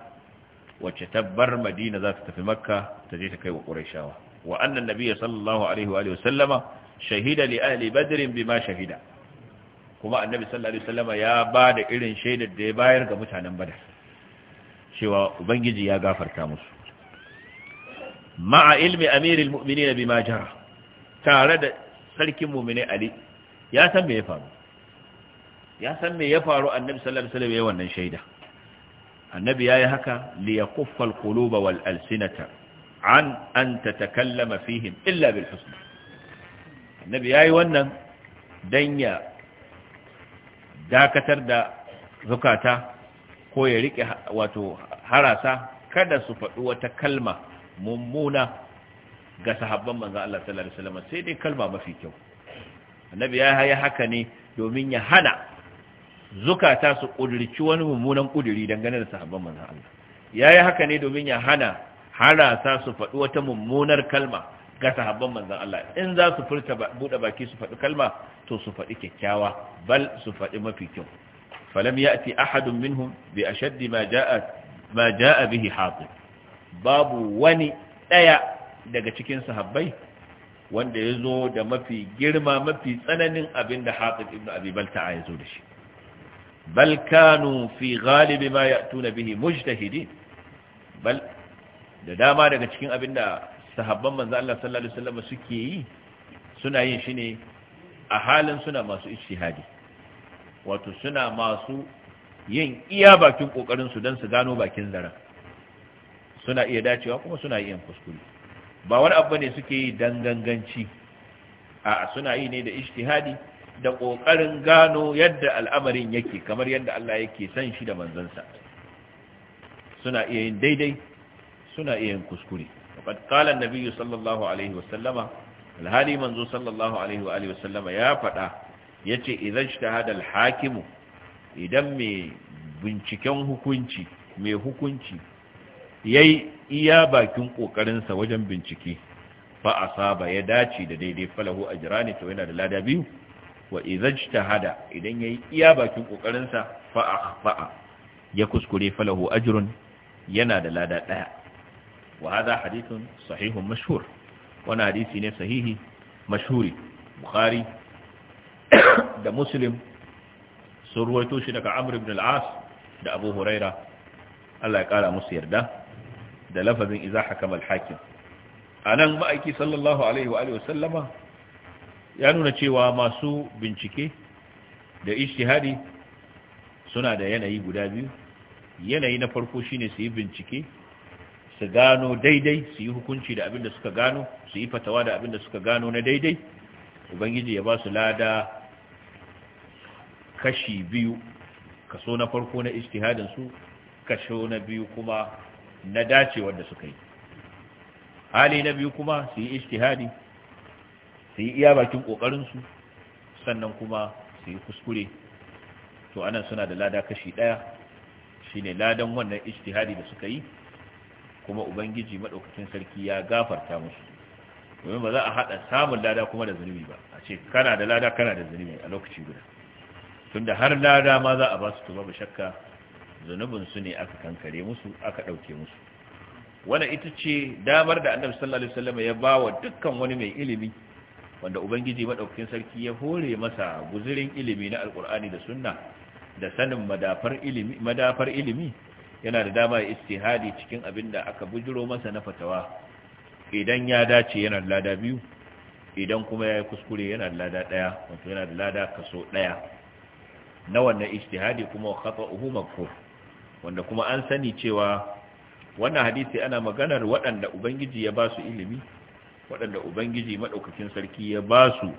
wacce tabbar madina za ta tafi makka ta je ta kai wa quraishawa wa annan nabiyyi sallallahu alaihi wa alihi shahida li ahli badr bima shahida kuma annabi sallallahu alaihi wasallama ya bada irin shaidar da ya bayar ga mutanen badar cewa ubangiji ya gafarta musu ma'a ilmi amiril mu'minina bima jara tare da sarkin mu'mini ali ya san me ya faru ya san me ya faru annabi sallallahu alaihi wasallam ya wannan shaida annabi yayi haka li yakuffa al-quluba wal alsinata an an tatakallama fihim illa bil husna annabi yi wannan don ya dakatar da zukata ko ya riƙe wato harasa kada su faɗi wata kalma mummuna ga sahabban manzan Allah sallallahu alaihi wasallam sai dai kalma mafi kyau annabi ya yi haka ne domin ya hana zukata su ƙudurci wani mummunan ƙuduri dangane da sahabban manzan Allah Ya yi haka ne domin ya hana harasa su faɗi wata mummunar kalma ga sahabban manzan Allah in za su furta buɗe baki su faɗi kalma to su faɗi kyakkyawa bal su faɗi mafi kyau falam ya'ti ahadun minhum bi ashaddi ma ja'a bihi hatib babu wani ɗaya daga cikin sahabbai wanda ya zo da mafi girma mafi tsananin abin da hatib ibn abi balta'a ya zo da shi bal kanu fi galibi ma ya'tuna bihi mujtahidin bal da dama daga cikin abin da sahabban manzo Allah sallallahu alaihi wasallam suke yi suna yin shi ne a halin suna masu ijtihadi wato suna masu yin iya bakin kokarin su dan su gano bakin zara suna iya dacewa kuma suna iya kuskure ba wani abu ne suke yi dan ganganci a suna yi ne da ijtihadi da kokarin gano yadda al'amarin yake kamar yadda Allah yake san shi da manzansa suna iya yin daidai suna iya yin kuskure faqad qala an sallallahu alaihi wa sallama alhali manzo sallallahu alaihi wa alihi wa sallama ya fada yace idan ijtahada al-hakim idan mai binciken hukunci mai hukunci yayi iya bakin ƙoƙarinsa wajen bincike fa asaba ya dace da daidai falahu a ajrani to yana da lada biyu wa idan ijtahada idan ya yi iya bakin ƙoƙarinsa fa'a-fa'a, ya kuskure falahu ajrun yana da lada ɗaya. wa hadha hadithun sahihun mashhur wani hadisi ne sahihi mashhuri bukhari <coughs> da muslim sun ruwaito shi daga amr ibn al-as da abu huraira Allah ya kara musu yarda da lafazin iza hakama al-hakim anan ma'aiki sallallahu alaihi wa alihi ya nuna cewa masu bincike da ijtihadi suna da yanayi guda biyu yanayi na farko shine su yi bincike su gano daidai su yi hukunci da abin da suka gano su yi fatawa da abin da suka gano na daidai ubangiji ya ba su lada kashi biyu kaso na farko na istihadinsu su kaso na biyu kuma na dacewar da suka yi hali na biyu kuma su yi istihadi su yi iya bakin kokarinsu sannan kuma su yi kuskure to anan suna da lada kashi daya shine ladan wannan ijtihadi da suka yi kuma ubangiji madaukakin sarki ya gafarta musu domin ba za a haɗa samun lada kuma da zunubi ba a ce kana da lada kana da zunubi a lokaci guda tunda har lada ma za a ba su tuba ba shakka zunubin su ne aka kankare musu aka ɗauke musu wanda ita ce damar da annabi sallallahu alaihi wasallam ya ba wa dukkan wani mai ilimi wanda ubangiji madaukakin sarki ya hore masa guzurin ilimi na alkur'ani da sunna da sanin madafar ilimi madafar ilimi yana da dama ya istihadi cikin abinda aka bujiro masa na fatawa idan ya dace yana da lada biyu idan kuma ya yi kuskure yana da lada ɗaya wato yana da lada kaso ɗaya na wannan istihadi kuma kafa uhu makfur wanda kuma an sani cewa wannan hadisi ana maganar waɗanda ubangiji ya ba su ilimi waɗanda ubangiji madaukakin sarki ya ba su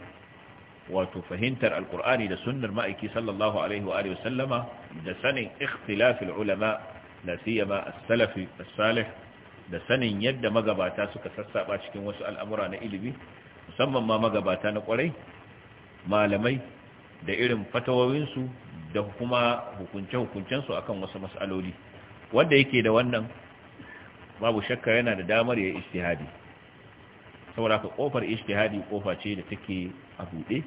wato fahimtar alkur'ani da sunnar ma'aiki sallallahu alaihi wa alihi da sanin ikhtilafil ulama la siyama as-salafi as-salih da sanin yadda magabata suka sassaba cikin wasu al'amura na ilimi musamman ma magabata na kwarai malamai da irin fatawowinsu da kuma hukunce-hukuncensu akan wasu mas'aloli wanda yake da wannan babu shakka yana da damar ya istihadi saboda ka kofar istihadi kofa ce da take a buɗe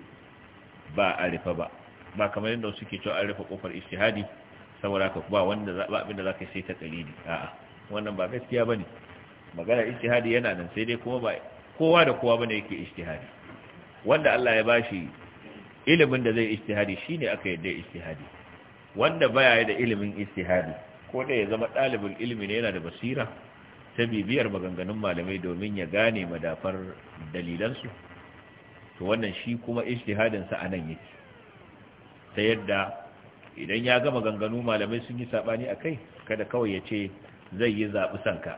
ba a rufe ba ba kamar yadda suke cewa an rufe kofar istihadi saboda ka ba wanda za abin da zaka sai ta kalidi a'a wannan ba gaskiya bane magana ijtihadi yana nan sai dai kuma ba kowa da kowa bane yake ijtihadi wanda Allah ya bashi ilimin da zai ijtihadi shine aka yadda ijtihadi wanda baya da ilimin ijtihadi ko da ya zama dalibul ilmi ne yana da basira ta bibiyar maganganun malamai domin ya gane madafar dalilansu to wannan shi kuma ijtihadin sa anan yake ta yadda idan ya gama ganganu malamai sun yi sabani kai, kada kawai ya ce zai yi zaɓi sanka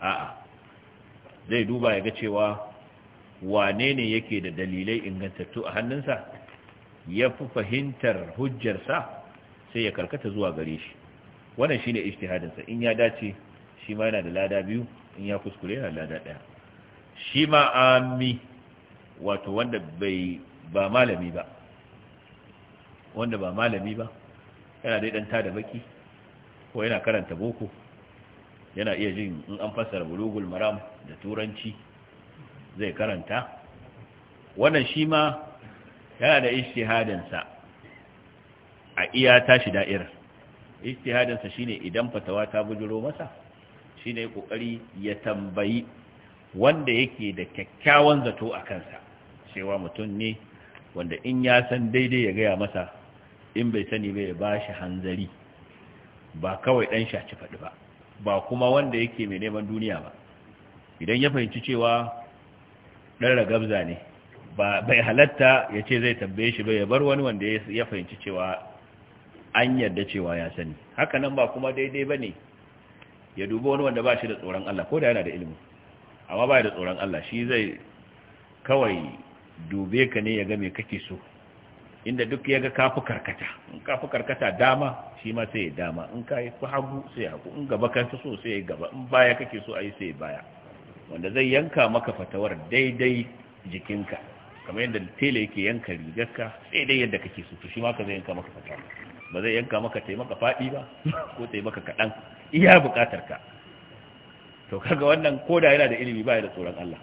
a'a zai duba ya ga cewa wane ne yake da dalilai ingantattu a hannunsa ya fi fahimtar hujjarsa sai ya karkata zuwa gare shi wannan shi shine ishtihadinsa in ya dace shi ma yana da lada biyu in ya kuskure yana da lada ɗaya. shi ma Ami wato wanda bai ba malami ba wanda ba malami ba yana dai dan tada baki ko yana karanta boko yana iya jin in an fassara bulugul maram da turanci zai karanta wannan shi ma yana da ijtihadinsa a iya tashi da'ir ijtihadinsa shine idan fatawa ta bujuro masa shine ƙoƙari ya tambayi wanda yake da kyakkyawan zato a kansa cewa mutum ne wanda in ya san daidai ya gaya masa in bai sani bai ba shi hanzari ba kawai ɗan shaci faɗi ba ba kuma wanda yake mai neman duniya ba idan ya fahimci cewa ɗan ragabza ne ba bai halatta ya ce zai tambaye shi bai ya bar wani wanda ya fahimci cewa an yarda cewa ya sani haka nan ba kuma daidai ba ne ya dubi wani wanda ba shi da tsoron Allah ko da yana da ilimi amma ba da tsoron Allah shi zai kawai dube ka ne ya ga me kake so inda duk ya ga kafu karkata in kafu karkata dama shi ma sai ya dama in ka yi hagu sai ya hagu in gaba ta so sai ya gaba in baya kake so a yi sai baya wanda zai yanka maka fatawar daidai jikinka kamar yadda tele yake yanka rigarka sai dai yadda kake so to shi ma ka zai yanka maka fatawar ba zai yanka maka taimaka faɗi ba ko taimaka kaɗan iya buƙatar ka to kaga wannan koda yana da ilimi baya da tsoron Allah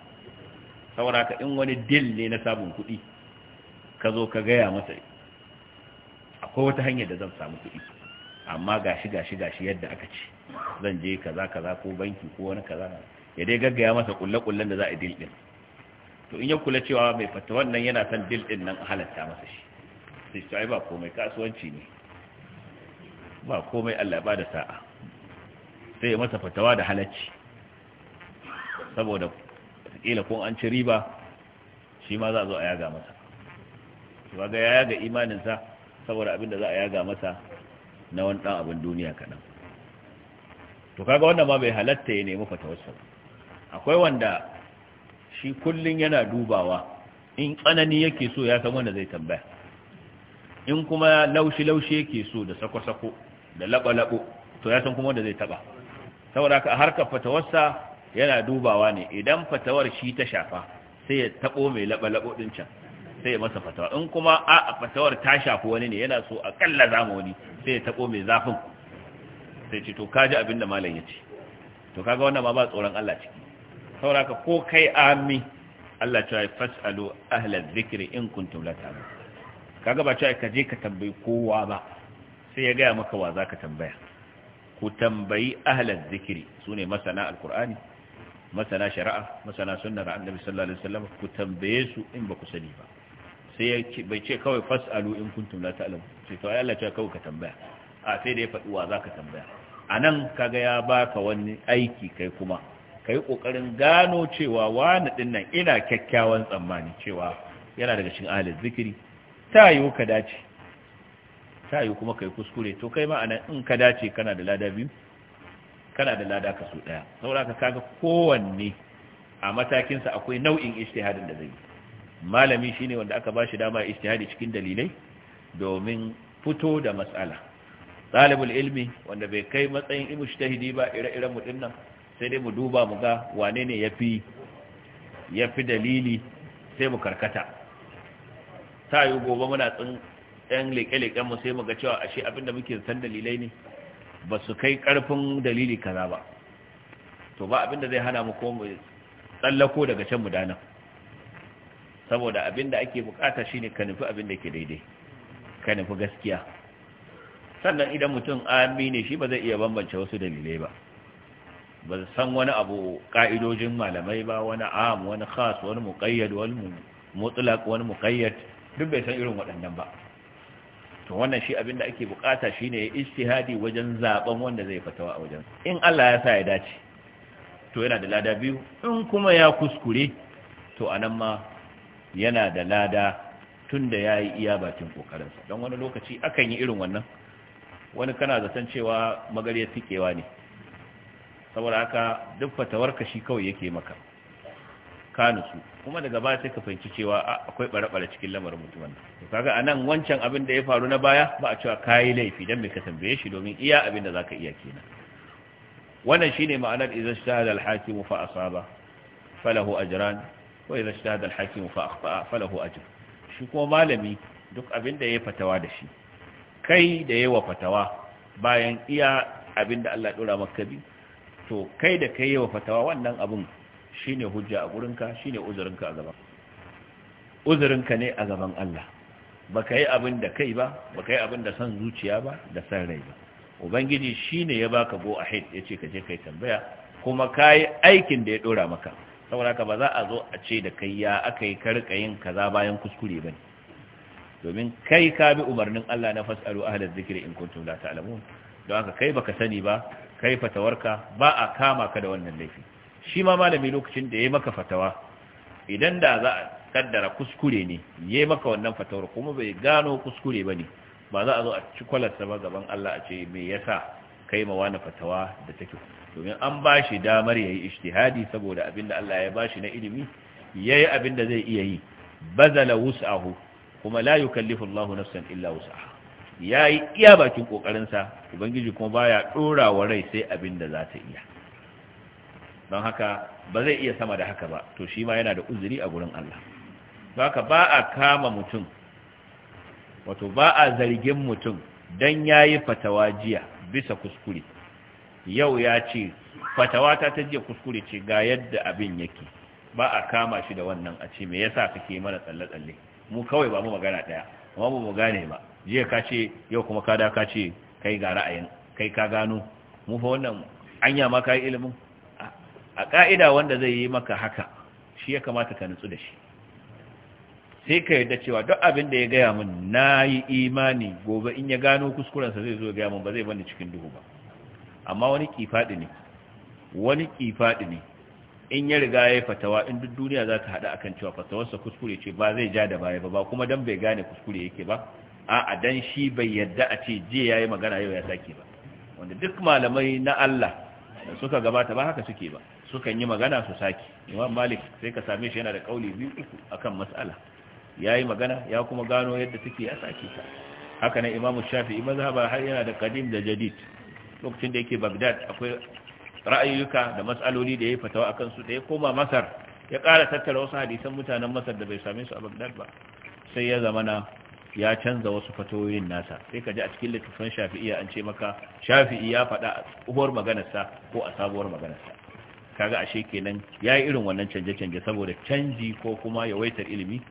saboda haka in wani dil ne na samun kuɗi ka zo ka gaya masa akwai wata hanyar da zan samu kuɗi amma gashi gashi gashi yadda aka ce zan je kaza kaza ko banki ko wani kaza ya dai gaggaya masa kulle kulle da za a dil din to in ya kula cewa mai fata wannan yana son dil din nan halatta masa shi sai shi ba komai kasuwanci ne ba komai Allah ba da sa'a sai ya masa fatawa da halacci saboda kila kun an ci riba shi ma za a zo a yaga masa to ga ya yaga imaninsa saboda abin da za a yaga masa na wani ɗan abin duniya kaɗan to kaga wannan ma bai halatta ya nemi fatawarsa akwai wanda shi kullun yana dubawa in tsanani yake so ya san wanda zai tambaya in kuma laushi-laushi yake so da sako-sako da labo-labo to ya san kuma wanda zai taba saboda ka harka fatawarsa yana dubawa ne idan fatawar shi ta shafa sai ya tabo mai labo-labo din can sai ya masa fatawa in kuma a fatawar ta shafi wani ne yana so a kalla zama wani sai ya taɓo mai zafin sai ce to kaji abinda malam ya ce to kaga wannan ma ba tsoron Allah ciki sauraka ko kai ami Allah ta yi fasalu ahla zikri in kuntum la ta'lamun kaga ba cewa ka je ka tambayi kowa ba sai ya gaya maka wa zaka tambaya ku tambayi ahla zikri sune masana alqur'ani masana shari'a masana ga annabi sallallahu alaihi wasallam ku tambaye su in ba ku sani ba sai bai ce kawai fas'alu in kuntum la ta'lamu ce to ai Allah ya kawai ka tambaya a sai da ya faɗi wa zaka tambaya anan kaga ya baka wani aiki kai kuma kai kokarin gano cewa wani din nan ina kyakkyawan tsammani cewa yana daga cikin ahli zikiri ta yiwu ka dace ta yiwu kuma kai kuskure to kai ma anan in ka dace kana da lada biyu kana da lada kaso daya saboda ka kaga kowanne a matakinsa akwai nau'in ijtihadin da zai yi malami shine wanda aka ba shi dama ijtihadi cikin dalilai domin fito da matsala. talibul ilmi wanda bai kai matsayin imujtahidi ba ire-iren mu dinnan sai dai mu duba mu ga wane ne yafi yafi dalili sai mu karkata ta yi gobe muna tsin ɗan leƙe-leƙen mu sai mu ga cewa ashe abin da muke san dalilai ne ba su kai ƙarfin dalili kaza ba to ba abin da zai hana mu ko mu tsallako daga can mu danan saboda abin da ake bukata shine ka nufi abin da ke daidai ka nufi gaskiya sannan idan mutum 'Amini' shi ba zai iya bambance wasu dalilai ba ba san wani abu ka'idojin malamai ba wani am wani khas wani muqayyad wani mutlaq wani muqayyad duk bai san irin waɗannan ba to wannan shi abin da ake bukata shine ya ijtihadi wajen zaben wanda zai fatawa a wajen in Allah ya sa ya dace to yana da lada biyu in kuma ya kuskure to anan ma yana da lada tunda yi iya bakin kokarinsa don wani lokaci akan yi irin wannan wani kana zaton cewa magariya tikewa ne saboda haka duk ka shi kawai yake maka ka nutsu kuma daga baya sai ka fahimci cewa akwai bare-bare cikin lamarin mutumin to kaga anan wancan abin da ya faru na baya ba a cewa kayi laifi dan me ka tambaye shi domin iya abin da zaka iya kenan wannan shine ma'anar idza shahada al-hakim fa asaba falahu ajran wa idza da al-hakim fa akhta falahu ajr shi ko malami duk abin da yayi fatawa da shi kai da yayi wa fatawa bayan iya abin da Allah dora maka bi to kai da kai yayi wa fatawa wannan abun shine hujja a gurinka shine uzurinka a gaban uzurinka ne a gaban Allah baka yi abin da kai ba baka yi abin da san zuciya ba da san rai ba ubangiji shine ya baka go ahead yace ka je kai tambaya kuma kai aikin da ya dora maka saboda ka ba za a zo a ce da kai ya aka yi karka yin kaza bayan kuskure bane domin kai ka bi umarnin Allah na fasalu ahlaz zikri in kuntum la ta'lamun don haka kai baka sani ba kai fatawarka ba a kama ka da wannan laifi shi ma malami lokacin da yayi maka fatawa idan da za a kaddara kuskure ne yayi maka wannan fatawar kuma bai gano kuskure bane ba za a zo a ci kwalarsa ba gaban Allah a ce me yasa kai ma wani fatawa da take domin an ba shi damar ya yi ishtihadi saboda abinda Allah ya ba shi na ilimi ya yi abinda zai iya yi bazala wus'ahu kuma la yukallifu Allahu nafsan illa wus'aha ya yi iya bakin kokarinsa ubangiji kuma baya dora wa rai sai abinda za ta iya don haka ba zai iya sama da haka ba to shi ma yana da uzuri a gurin Allah don haka ba a kama mutum wato ba a zargin mutum don ya yi fatawa jiya bisa kuskure yau ya ce fatawata ta ta jiya kuskure ce ga yadda abin yake ba a kama shi da wannan a ce me yasa kake mana tsalle-tsalle mu kawai ba mu magana daya amma mu gane ba jiya ka ce yau kuma ka da ka ce kai ga ra'ayin kai ka gano mu fa wannan anya ma kai ilimin a ka'ida wanda zai yi maka haka shi ya kamata ka nutsu da shi sai ka yarda cewa duk abin da ya gaya mun nayi imani gobe in ya gano kuskurensa zai zo ya gaya ba zai bani cikin duhu ba amma wani kifadi ne wani kifadi ne in ya riga ya fatawa in duk duniya za ta hada akan cewa fatawarsa kuskure ce ba zai ja da baya ba kuma dan bai gane kuskure yake ba a'a dan shi bai yadda a ce je yi magana yau ya sake ba wanda duk malamai na Allah da suka gabata ba haka suke ba sukan yi magana su sake Imam Malik sai ka same shi yana da kauli biyu uku akan mas'ala yayi magana ya kuma gano yadda take ya sake ta haka nan Imam Shafi'i mazhaba har yana da qadim da jadid lokacin da yake bagdad akwai ra'ayoyuka da matsaloli da ya yi fatawa akan su da ya koma masar ya ƙara tattara wasu hadisan mutanen masar da bai same su a Baghdad ba sai ya zamana ya canza wasu fatoyoyin nasa sai ka ji a cikin littattafan shafi'i an ce maka shafi'i ya faɗa a maganar sa ko a sabuwar maganarsa kaga ashe kenan yayi irin wannan canje-canje saboda canji ko kuma yawaitar ilimi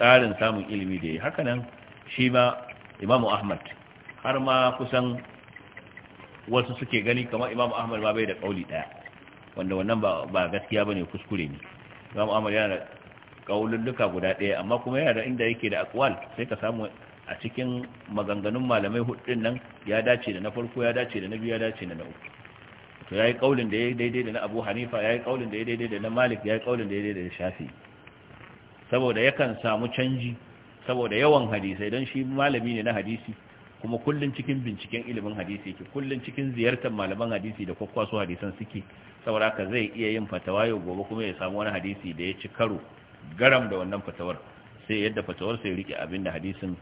ƙarin samun ilimi da yayi haka nan shi ma Imam ahmad har ma kusan wasu suke gani kamar imam ahmad ba bai da kauli daya wanda wannan ba ba gaskiya bane kuskure ne imam ahmad yana da kaululluka guda daya amma kuma yana da inda yake da akwal sai ka samu a cikin maganganun malamai hudun nan ya dace da na farko ya dace da na biyu ya dace da na uku to yayi kaulin da yayi daidai da na Abu Hanifa yayi kaulin da yayi daidai da na Malik yayi kaulin da yayi daidai da Shafi saboda yakan samu canji saboda yawan hadisai don shi malami ne na hadisi kuma kullun cikin binciken ilimin hadisi yake kullun cikin ziyartar malaman hadisi da kwakwaso hadisan suke saboda haka zai iya yin fatawa yau gobe kuma ya samu wani hadisi da ya ci karo garam da wannan fatawar sai yadda fatawar sai rike abin da hadisin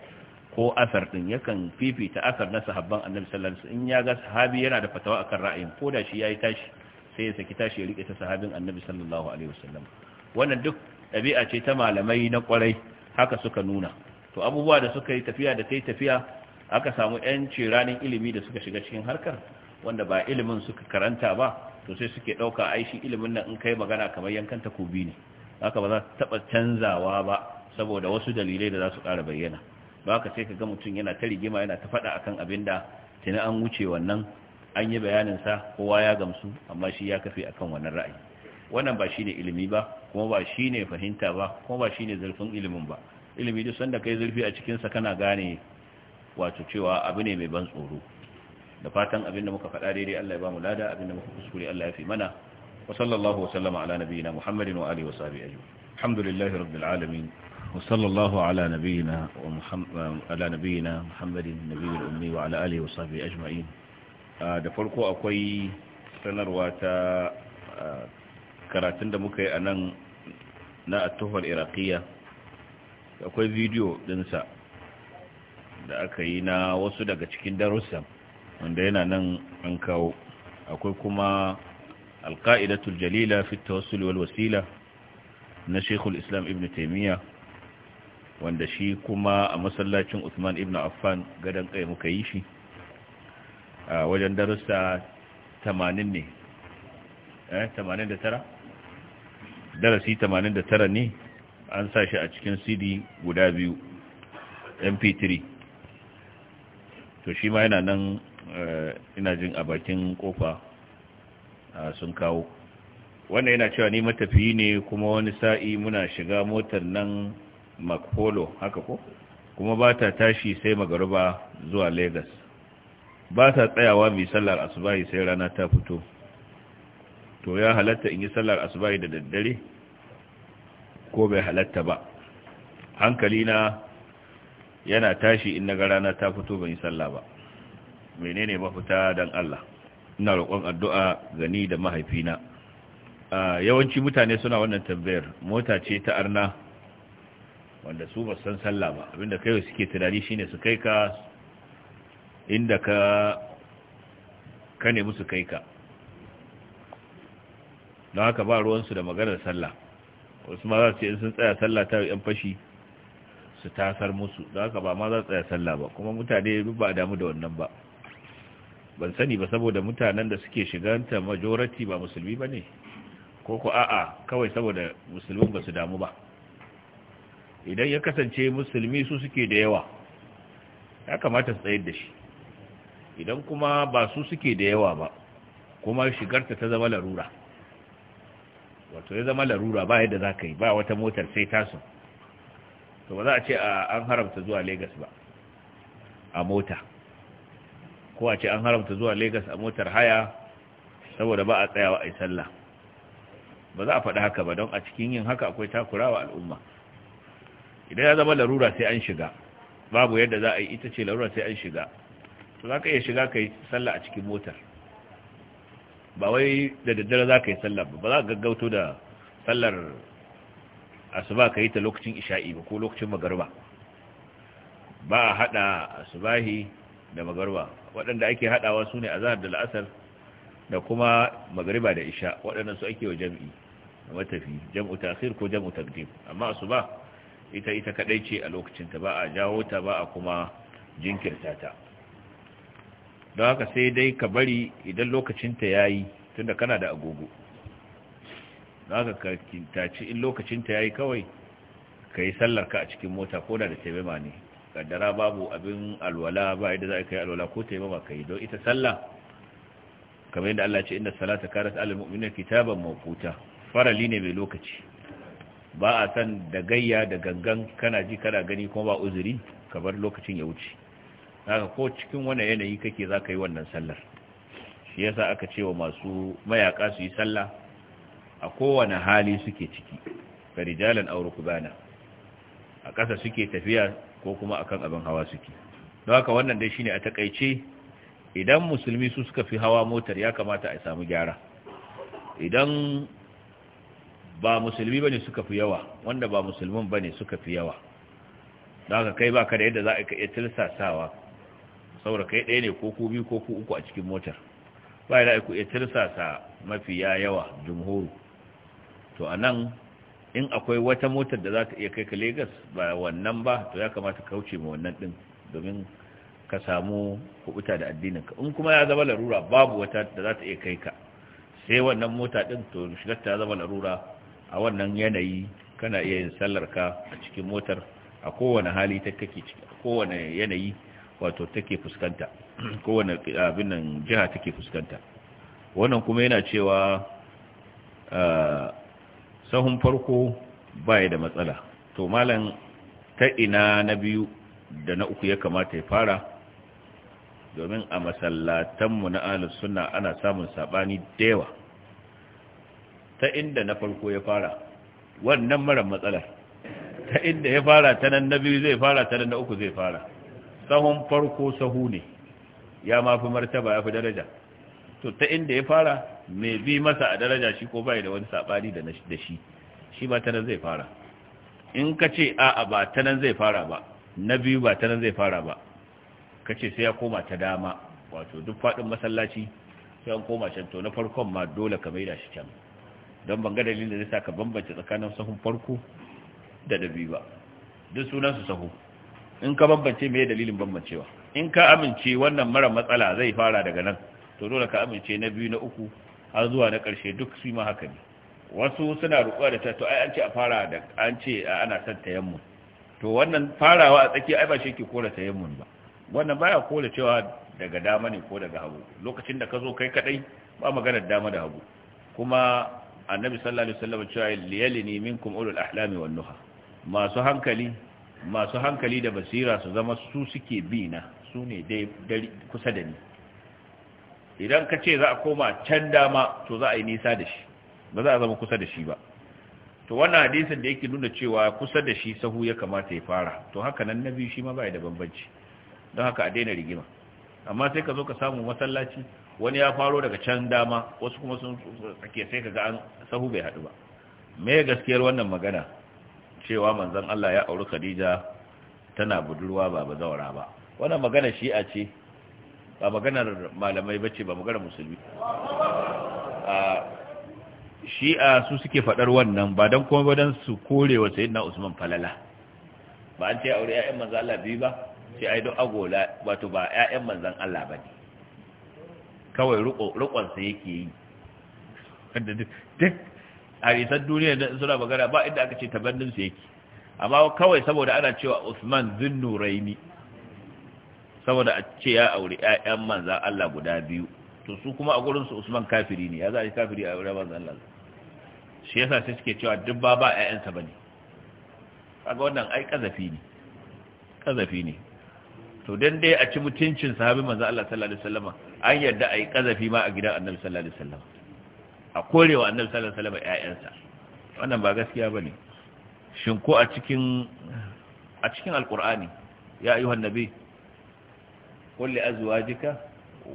ko asar din yakan fifita asar na sahabban annabi sallallahu alaihi wasallam in ya ga sahabi yana da fatawa akan ra'ayin ko da shi yayi tashi sai ya saki tashi ya rike ta sahabin annabi sallallahu alaihi wasallam wannan duk ɗabi'a ce ta malamai na kwarai haka suka nuna to abubuwa da suka yi tafiya da ta yi tafiya aka samu 'yanci ranin ilimi da suka shiga cikin harkar wanda ba ilimin suka karanta ba to sai suke ɗauka aishi ilimin nan in kai magana kamar yankan takobi ne haka ba za su taɓa canzawa ba saboda wasu dalilai da za su ƙara bayyana ba ka sai ka ga mutum yana ta rigima yana ta faɗa akan abin da tuni an wuce wannan an yi bayanin sa, kowa ya gamsu amma shi ya kafe akan wannan ra'ayi wannan ba shine ilimi ba kuma ba shine fahimta ba kuma ba shine zurfin ilimin ba ilimi duk sanda kai zurfi a cikin sa kana gane wato cewa abu ne mai ban tsoro da fatan abinda muka faɗa daidai Allah ya ba mu lada abinda muka kuskure Allah ya fi mana wa sallallahu wa sallama ala Muhammadin wa alihi wa sahbihi ajma'in alhamdulillahi rabbil alamin wa sallallahu ala nabiyyina wa muhammad ala nabiyyina Muhammadin ummi wa ala alihi wa sahbihi ajma'in da farko akwai sanarwa ta karatun da muka yi a nan na at-tuhfar iraqiyya akwai bidiyo dinsa da aka yi na wasu daga cikin darussan wanda yana nan an kawo akwai kuma alka'idatul jalila fi tawassul wal wasila na shekul islam ibn taimiyya wanda shi kuma a masallacin usman ibn affan gadon kai muka yi shi a wajen darussa 80 ne eh 89 darasi 89 ne an sa shi a cikin cd guda biyu mp3 to shi ma yana nan eh, ina jin a bakin kofa sun kawo wannan yana cewa ni matafiyi ne kuma wani sa'i muna shiga motar nan makpolo haka ko kuma ba ta tashi sai magaruba zuwa Legas. ba ta tsayawa mai sallar asubahi sai rana ta fito to ya halatta in yi sallar asubahi da daddare ko bai halatta ba hankali na yana tashi in ga rana ta fito ban yi sallah ba menene mafita dan Allah ina roƙon addu'a gani da mahaifina yawanci mutane suna wannan tambayar mota ce ta arna wanda su ba san sallah ba abinda kai suke tunani shine su kai ka inda ka ka nemi su kai ka don haka ba ruwan su da maganar sallah wasu ma za su ce in sun tsaya sallah ta yan fashi su tasar musu da haka ba ma za su tsaya sallah ba kuma mutane duk ba damu da wannan ba ban sani ba saboda mutanen da suke shiganta majority ba musulmi ba ne ko ku a'a kawai saboda musulmin ba su damu ba idan ya kasance musulmi su suke da yawa ya kamata su tsayar da shi idan kuma ba su suke da yawa ba kuma shigarta ta zama larura wato ya zama larura ba yadda za ka yi ba wata motar sai tasu to ba za a ce an haramta zuwa Legas ba a mota ko a ce an haramta zuwa Legas a motar haya saboda ba a tsayawa a yi sallah ba za a faɗi haka ba don a cikin yin haka akwai takurawa al'umma idan ya zama larura sai an shiga babu yadda za a yi ita ce larura sai an shiga to za ka iya shiga ka yi sallah a cikin motar ba wai da daddare za ka yi sallah ba ba za ka gaggauto da sallar asuba ka yi ta lokacin isha'i ba ko lokacin magarba ba a haɗa asubahi da magarba waɗanda ake haɗawa su ne a zahar da la'asar da kuma magariba da isha waɗannan su ake wa jam'i da matafi jam'u ta'khir ko jam'u taqdim amma asuba ita ita kaɗai ce a lokacin ba a jawo ta ba a kuma jinkirta ta don haka sai dai ka bari idan lokacin ta yayi tunda kana da agogo za ka kintaci in lokacinta ya yi kawai ka yi sallarka a cikin mota ko da da taimama ne kaddara babu abin alwala ba yadda za ka yi alwala ko taimama ka yi don ita sallah kamar yadda Allah ce inda salata karat al-mu'mina kitaban mawquta farali ne mai lokaci ba a san da gayya da gangan kana ji kana gani kuma ba uzuri ka bar lokacin ya wuce haka ko cikin wani yanayi kake za ka yi wannan sallar shi yasa aka ce wa masu mayaka su yi sallah a kowane hali suke ciki ga rijalan aure kubana a ƙasa suke tafiya ko kuma akan abin hawa suke don haka wannan dai shine a takaice idan musulmi su suka fi hawa motar ya kamata a samu gyara idan ba musulmi bane suka fi yawa wanda ba musulmin bane suka fi yawa don haka kai baka da yadda za a iya tilsasawa saboda kai ɗaya ne ko ku biyu ko ku uku a cikin motar ba ya da ku iya tilsasa mafiya yawa jumhuru to a nan in akwai wata motar da za ta iya kai ka Legas ba wannan ba to ya kamata ka wuce ma wannan din domin ka samu kubuta da addininka in kuma ya zama larura babu wata da za ta iya kai ka sai wannan mota din to shigar ta zama larura a wannan yanayi kana iya yin sallar ka a cikin motar a kowane hali ta kake ciki a kowane yanayi wato take fuskanta <clears throat> kowane abin nan jiha take fuskanta wannan kuma yana cewa ah, sahun farko baya da matsala to malam ta ina na biyu da na uku ya kamata ya fara domin a masallatanmu na ahlus sunna ana samun sabani da yawa ta inda na farko ya fara wannan mara matsalar ta inda ya fara ta nan na biyu zai fara ta nan na uku zai fara sahun farko sahu ne ya mafi martaba ya fi daraja to ta inda ya fara mai bi masa a daraja shi ko bai da wani sabani da shi shi ba ta nan zai fara in ka ce a'a ba ta nan zai fara ba na biyu ba ta nan zai fara ba ka ce sai ya koma ta dama wato duk faɗin masallaci sai an koma can to na farkon ma dole ka maida shi can don ban ga dalilin da zai saka bambance tsakanin sahun farko da na biyu ba duk sunan su sahu in ka bambance me dalilin bambancewa in ka amince wannan mara matsala zai fara daga nan to dole ka amince na biyu na uku har zuwa na ƙarshe duk su ma haka ne wasu suna rukuwa da ta to ai an ce a fara da an ce ana son tayammun to wannan farawa a tsaki ai ba shi ke kora tayammun ba wannan baya kora cewa daga dama ne ko daga hagu lokacin da ka zo kai kadai ba maganar dama da hagu kuma annabi sallallahu alaihi wasallam cewa liyalini minkum ulul ahlami wan nuha masu hankali masu hankali da basira su zama su suke bi na su ne dai kusa da ni idan ka ce za a koma can dama to za a yi nisa da shi ba za a zama kusa da shi ba to wannan hadisin da yake nuna cewa kusa da shi sahu ya kamata ya fara to haka nan nabi shi ma ba da bambanci don haka a daina rigima amma sai ka zo ka samu masallaci wani ya faro daga can dama wasu kuma sun tsake sai ka ga an sahu bai haɗu ba me gaskiyar wannan magana cewa manzon Allah ya auri Khadija tana budurwa ba bazawara ba wannan magana shi'a ce ba maganar malamai ba ce ba maganar musulmi shi'a su suke faɗar wannan ba don kuma ba don su kore wa na usman falala ba an ce aure 'ya'yan manzan Allah biyu ba sai ai don agola wato ba 'ya'yan manzan Allah ba ne kawai rukonsa yake yi duk a risar duniya da suna magana ba inda aka ce tabanninsa yake amma kawai saboda ana cewa usman zin nuraini saboda a ce ya aure ƴaƴan manzan Allah guda biyu to su kuma a gurin su Usman kafiri ne ya za a yi kafiri a wurin manzan Allah shi yasa sai suke cewa duk ba ba ƴaƴansa bane kaga wannan ai kazafi ne kazafi ne to dan dai a ci mutuncin sahabi manzan Allah sallallahu alaihi Wasallama, an yarda yi kazafi ma a gidan Annabi sallallahu alaihi Wasallama, a korewa Annabi sallallahu alaihi wasallam ƴaƴansa wannan ba gaskiya bane shin ko a cikin a cikin alqur'ani ya ayyuhan nabi kulli azwajika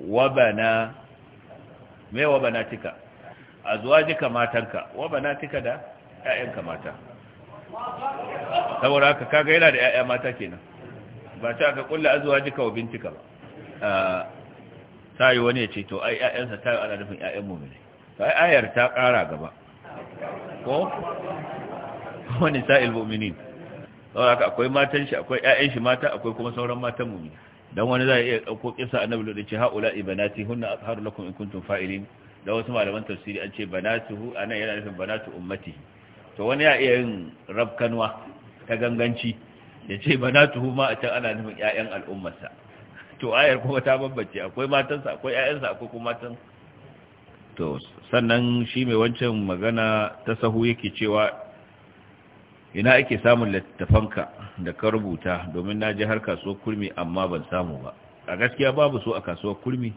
wa bana me wa banatika azwajika matanka wa banatika da ƴaƴanka mata saboda haka kaga yana da ƴaƴa mata kenan ba ta ga kulli azwajika wa bintika ba sai wani ya ce to ai ƴaƴansa tayi ana nufin ƴaƴan mu'mini to ai ayar ta ƙara gaba ko wani sa'il mu'minin saboda haka akwai matan shi akwai ƴaƴan shi mata akwai kuma sauran matan mu'mini dan wani zai iya dauko kisa annabi da ce haula ibnati hunna atharu lakum in kuntum fa'ilin da wasu malaman tafsiri an ce banatuhu anan yana nufin banatu ummati to wani ya iya yin rabkanwa ta ganganci ya ce banatuhu ma a can ana nufin ƴaƴan al'ummarsa to ayar kuma ta bambance akwai matansa akwai ƴaƴansa akwai kuma matan to sannan shi mai wancan magana ta sahu yake cewa ina ake samun littafanka da ka rubuta domin na ji har kasuwar kurmi amma ban samu ba a gaskiya babu so a kasuwar kurmi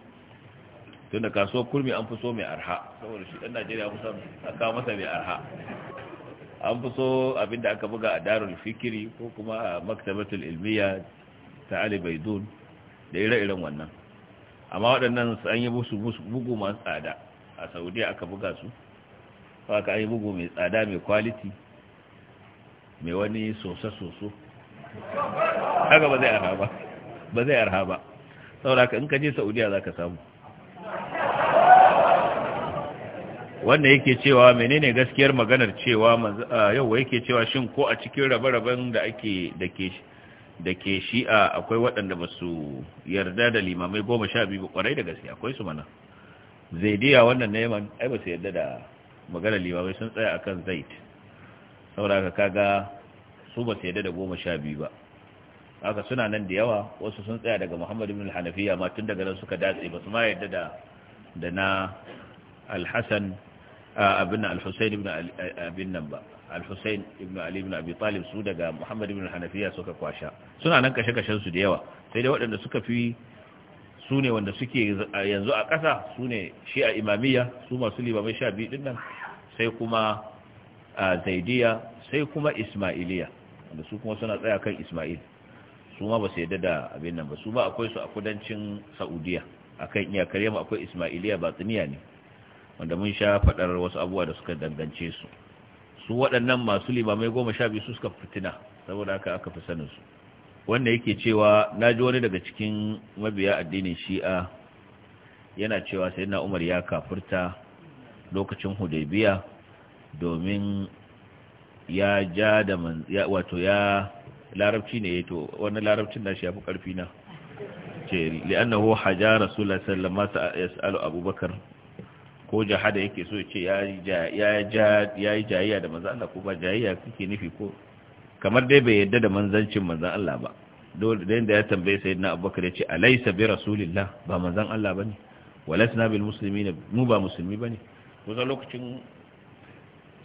tun da kasuwar kurmi an fi so mai arha saboda shi ɗan najeriya mu son a kawo masa mai arha an fi so abinda aka buga a darul fikiri ko kuma a maktabatul ilmiya ta ali baidun da ire-iren wannan amma waɗannan an yi musu bugu masu tsada a saudiya aka buga su ba ka yi bugu mai tsada mai kwaliti mai wani sosa-soso haka ba zai arha ba ba zai arha ba sauraka in ka je saudiya za ka samu wanda yake cewa menene gaskiyar maganar cewa yau yake cewa shin ko a cikin rabe-raben da ake da ke shi'a akwai waɗanda ba su yarda da limamai goma sha biyu kwarai da gaske akwai su mana zaidiya wannan neman ai ba su yarda da maganar limamai sun tsaya akan zait saboda kaga su ba su da goma sha biyu ba haka suna nan da yawa wasu sun tsaya daga Muhammadu bin al-hanafiya ma tun daga nan suka datse ba su ma yadda da da na al abin al ibn abin nan ba al ibn ali ibn abi talib su daga Muhammadu bin hanafiya suka kwasha suna nan kashe-kashen su da yawa sai dai waɗanda suka fi su ne wanda suke yanzu a ƙasa su ne shi a imamiyya su masu limamai sha biyu ɗin nan sai kuma zaidiya sai kuma ismailiya wanda su kuma suna tsaya kan ismail su ma ba su yadda da abin nan ba su ba akwai su a kudancin saudiya akan iyakar yamma akwai ismailiya ba tsiniya ne wanda mun sha faɗar wasu abubuwa da suka dangance su su waɗannan masu limamai goma sha biyu su suka fitina saboda haka aka fi sanin su wanda yake cewa na ji wani daga cikin mabiya addinin shi'a yana cewa sai na umar ya kafurta lokacin hudaybiya domin ya ja da man wato ya larabci ne to wannan larabcin da shi ya fi karfi na ce li'annahu haja rasulullahi sallallahu alaihi wasallam yasalu abubakar ko jahada yake so ce ya ya ja yayi jayayya da manzo Allah ko ba jayayya kike nufi ko kamar dai bai yadda da manzancin manzo Allah ba dole da ya tambaye sayyidina abubakar ya ce alaysa bi rasulillah ba manzo Allah bane walasna bil muslimina mu ba musulmi bane kusan lokacin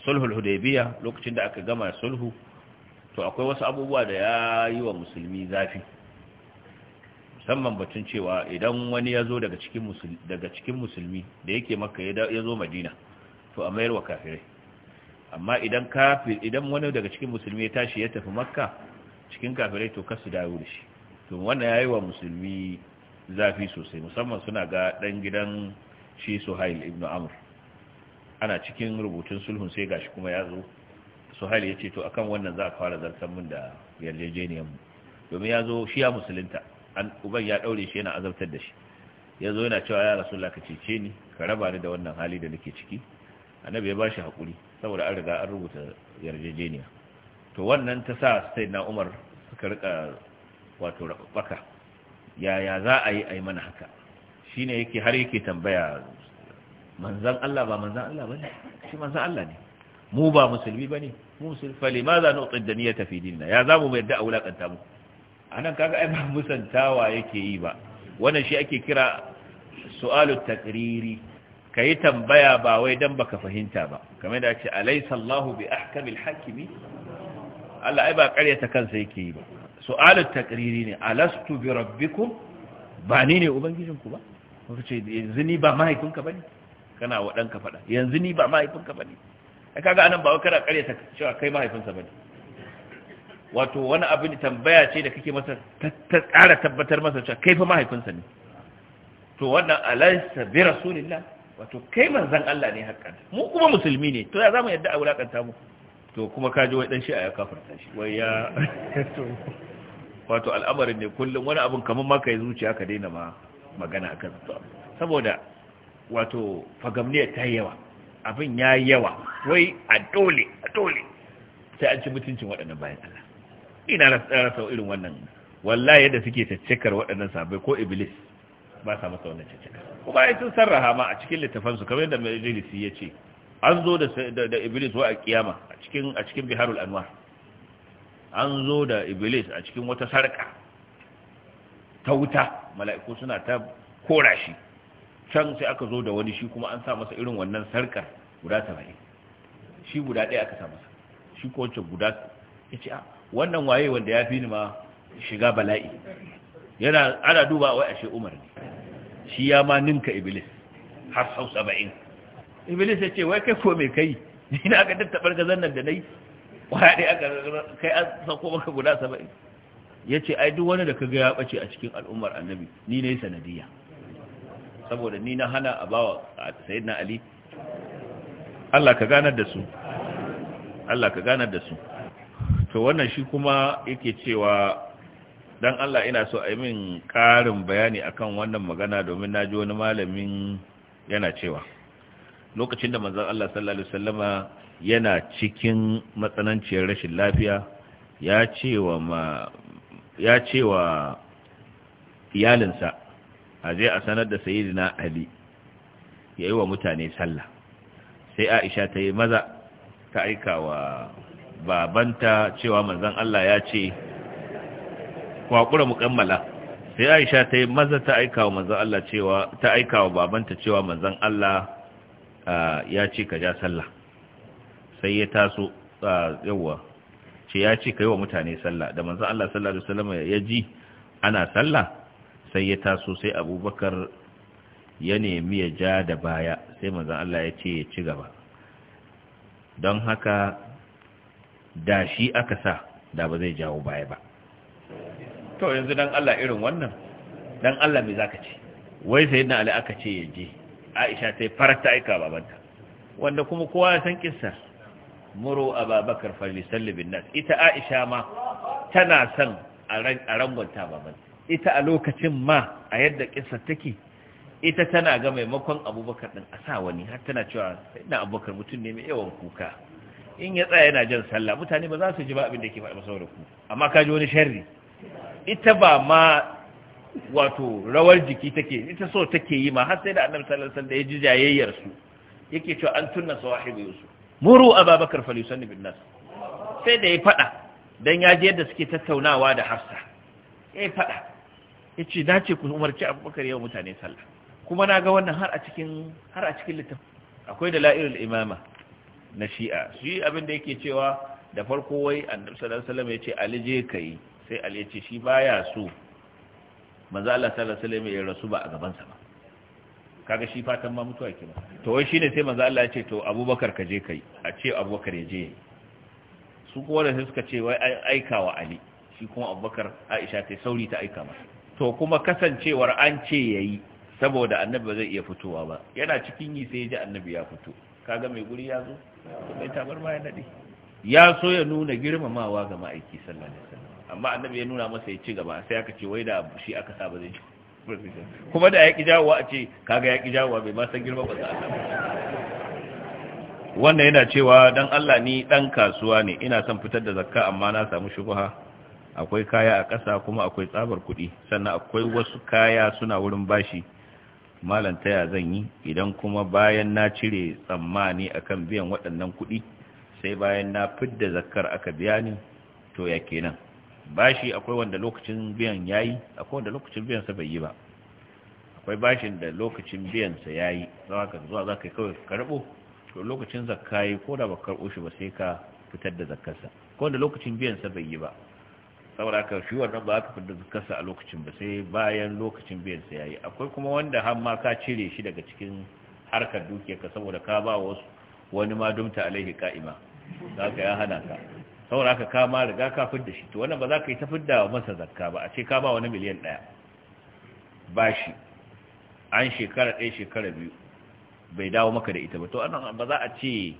sulhul hudaybiya lokacin da aka gama sulhu to akwai wasu abubuwa da ya yi wa musulmi zafi musamman batun cewa idan wani ya zo daga cikin musulmi da yake maka ya zo madina to a mayar wa kafirai amma idan kafir idan wani daga cikin musulmi ya tashi ya tafi makka cikin kafirai to kasu dawo da shi to wannan ya yi wa musulmi zafi sosai musamman suna ga ɗan gidan shi suhail Ibnu amr ana cikin rubutun sulhun sai gashi kuma ya zo hali ya ce to akan wannan za a fara zartar min da yarjejeniyar mu domin ya zo shi ya musulunta an uban ya daure shi yana azabtar da shi ya zo yana cewa ya rasulullah ka cece ni ka raba ni da wannan hali da nake ciki annabi ya bashi hakuri saboda an riga an rubuta yarjejeniya to wannan ta sa sai na umar suka rika wato ya yaya za a yi a yi mana haka shine yake har yake tambaya manzan Allah ba manzan Allah ba bane shi manzan Allah ne mu ba musulmi ba ne? mu musulmi fa limaza nuqid daniyata fi dinna ya zamu mai da aulakanta mu anan kaga ai ba musantawa yake yi ba wannan shi ake kira su'alu taqriri kai tambaya ba wai dan baka fahimta ba kamar da ce alaysa Allahu bi ahkamil hakimi Allah ai ba ƙaryata kansa yake yi ba su'alu taqriri ne alastu bi rabbikum ba ni ne ubangijinku ba kace yanzu ni ba mahaifinka bane kana wa ɗanka faɗa yanzu ni ba mahaifinka ba ne a kaga anan ba kana ta cewa kai mahaifinsa ba ne wato wani abin tambaya ce da kake masa ta ƙara tabbatar masa cewa kai fa mahaifinsa ne to wannan alaysa bi rasulillah wato kai manzon Allah ne hakkan mu kuma musulmi ne to ya zamu yadda a wulakanta mu to kuma kaji wai dan shi a ya kafarta shi wai ya <laughs> wato al'amarin ne kullum wani abin kamar ma kai zuciya ka daina ma magana akan saboda wato fagamniyar ta yawa abin ya yawa wai a dole a dole sai an ci mutuncin waɗannan bayan Allah ina rasa irin wannan wallahi yadda suke caccakar waɗannan sabai ko iblis ba sa masa wannan caccakar kuma ai sun sarraha ma a cikin littafansu kamar yadda majalisi ya ce an zo da iblis wa a kiyama a cikin a cikin biharul anwar an zo da iblis a cikin wata sarka ta wuta mala'iku suna ta korashi. can sai aka zo da wani shi kuma an sa masa irin wannan sarkar guda saba'in shi guda ɗaya aka sa masa shi ko wacce guda ya ce ah, wannan waye wanda ya fi ni ma shiga bala'i yana ana duba wai ashe umar ne shi ya ma ninka iblis har sau saba'in iblis ya ce wai kai ko mai kai ni na ga dattabar gazan nan da nai waya ɗaya aka kai an sauko maka guda saba'in ya ce ai duk wani da ka ga ya ɓace a cikin al'ummar annabi ni ne sanadiyya saboda ni na hana a bawa sayyidina ali Allah ka ganar da su Allah ka ganar da su to wannan shi kuma yake cewa dan Allah ina so a yi min karin bayani akan wannan magana domin na ji wani malamin yana cewa lokacin da manzon Allah sallallahu alaihi wasallama yana cikin matsananciyar rashin lafiya ya cewa ma ya cewa iyalinsa a je a sanar da sayyidina ali ya yi wa mutane sallah sai aisha ta yi maza ta aika wa babanta cewa manzan Allah ya ce kwakura mukammala sai aisha ta yi maza ta aika wa manzan Allah cewa ta aika wa babanta cewa manzan Allah ya ce ka ja sallah sai ya taso yawa ce ya ce ka yi wa mutane sallah da manzan Allah sallallahu alaihi wasallam ya ji ana sallah sai ya taso sai abubakar ya nemi ya ja da baya sai mazan Allah ya ce ya ci gaba don haka da shi aka sa da ba zai jawo baya ba to yanzu don Allah irin wannan don Allah mai zaka ce wai sai na Ali aka ce ya je Aisha sai farata aika babanta wanda kuma kowa ya san kissa muro Abubakar falli sallibin nas ita Aisha ma tana son a rangwanta babanta ita a lokacin ma a yadda kisa take ita tana ga maimakon abubakar ɗin a sa wani har tana cewa ina abubakar mutum ne mai yawan kuka in ya tsaya yana jan sallah mutane ba za su ji ba abin da ke faɗi masa da ku amma ka ji wani sharri ita ba ma wato rawar jiki take ita so take yi ma har sai da annabi sallallahu alaihi wasallam ya ji jayayyar su yake cewa an tunna sawahibi yusuf muru ababakar falyusanni bin nas sai da ya faɗa dan ya ji yadda suke tattaunawa da hafsa ya faɗa ya ce na ce ku umarci abubakar yau mutane sallah kuma na ga wannan har a cikin har a cikin littafin akwai da la'irul imama na shi'a shi abin da yake cewa da farko wai annabi sallallahu alaihi wasallam ya ce ali je kai sai ali ya ce shi baya so manzo Allah sallallahu alaihi wasallam ya rasu ba a gaban sa ba kaga shi fatan ma mutuwa ke ba to wai shine sai manzo Allah ya ce to abubakar ka je kai a ce abubakar ya je su kowa da suka ce wai aika wa ali shi kuma abubakar aisha ta sauri ta aika masa to kuma kasancewar an ce yayi saboda annabi ba zai iya fitowa ba yana cikin yi sai ya ji annabi ya fito kaga mai guri ya zo mai tabar ma ya nade ya so ya nuna girmamawa ga ma'aiki sallallahu alaihi wasallam amma annabi ya nuna masa ya ci gaba sai aka ce wai da shi aka sa ba zai kuma da ya ki jawo a ce kaga ya ki jawo bai ma san girma ba sa wannan yana cewa dan Allah ni dan kasuwa ne ina son fitar da zakka amma na samu shubha akwai kaya a ƙasa kuma akwai tsabar kuɗi sannan akwai wasu kaya suna wurin bashi malam taya zan yi idan kuma bayan na cire tsammani akan biyan waɗannan kuɗi sai bayan na fidda zakkar aka biya ni to ya kenan bashi akwai wanda lokacin biyan yayi akwai wanda lokacin biyan sa bai yi ba akwai bashin da lokacin biyan sa yayi yi zaka zuwa za ka kawai karbo to lokacin zakka yi ko da ba karbo shi ba sai ka fitar da zakkarsa ko da lokacin biyan sa bai yi ba saboda haka shi wannan ba ka fidda kasa a lokacin ba sai bayan lokacin biyan sa yayi akwai kuma wanda har ma ka cire shi daga cikin harkar ka saboda ka ba wasu wani ma dumta alaihi qa'ima zaka ya hana ka saboda haka ka ma riga ka fidda shi to wannan ba za ka yi ta fidda masa zakka ba a ce ka ba wani miliyan ɗaya ba shi an shekara ɗaya shekara biyu bai dawo maka da ita ba to anan ba za a ce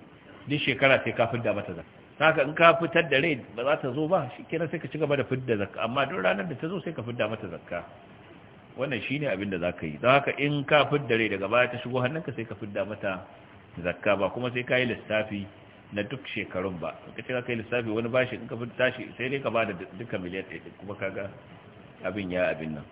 duk shekara sai ka fidda mata zakka haka in ka fitar da rai ba za ta zo ba shi kenan sai ka ci gaba da fidda zakka amma duk ranar da ta zo sai ka fidda mata zakka wannan shine abin da zaka yi don haka in ka fidda rai daga baya ta shigo hannunka sai ka fidda mata zakka ba kuma sai ka yi lissafi na duk shekarun ba ka ce ka yi lissafi wani bashi in ka fidda shi sai dai ka bada duka miliyan ɗaya kuma ka ga abin ya abin nan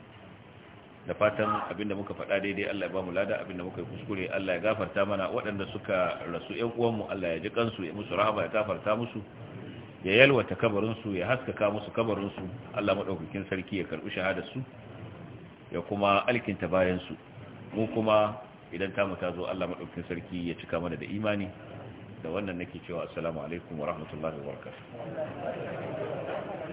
da fatan abinda muka faɗa daidai Allah ya ba mu lada abinda muka yi kuskure Allah ya gafarta mana waɗanda suka rasu ƴan uwanmu Allah ya ji kansu ya musu rahama ya gafarta musu ya yalwata kabarin su ya haskaka musu kabarin su Allah madaukakin sarki ya karbi shahadar su ya kuma alkinta bayan su mu kuma idan ta mu ta zo Allah madaukakin sarki ya cika mana da imani da wannan nake cewa assalamu alaikum wa rahmatullahi wa barakatuh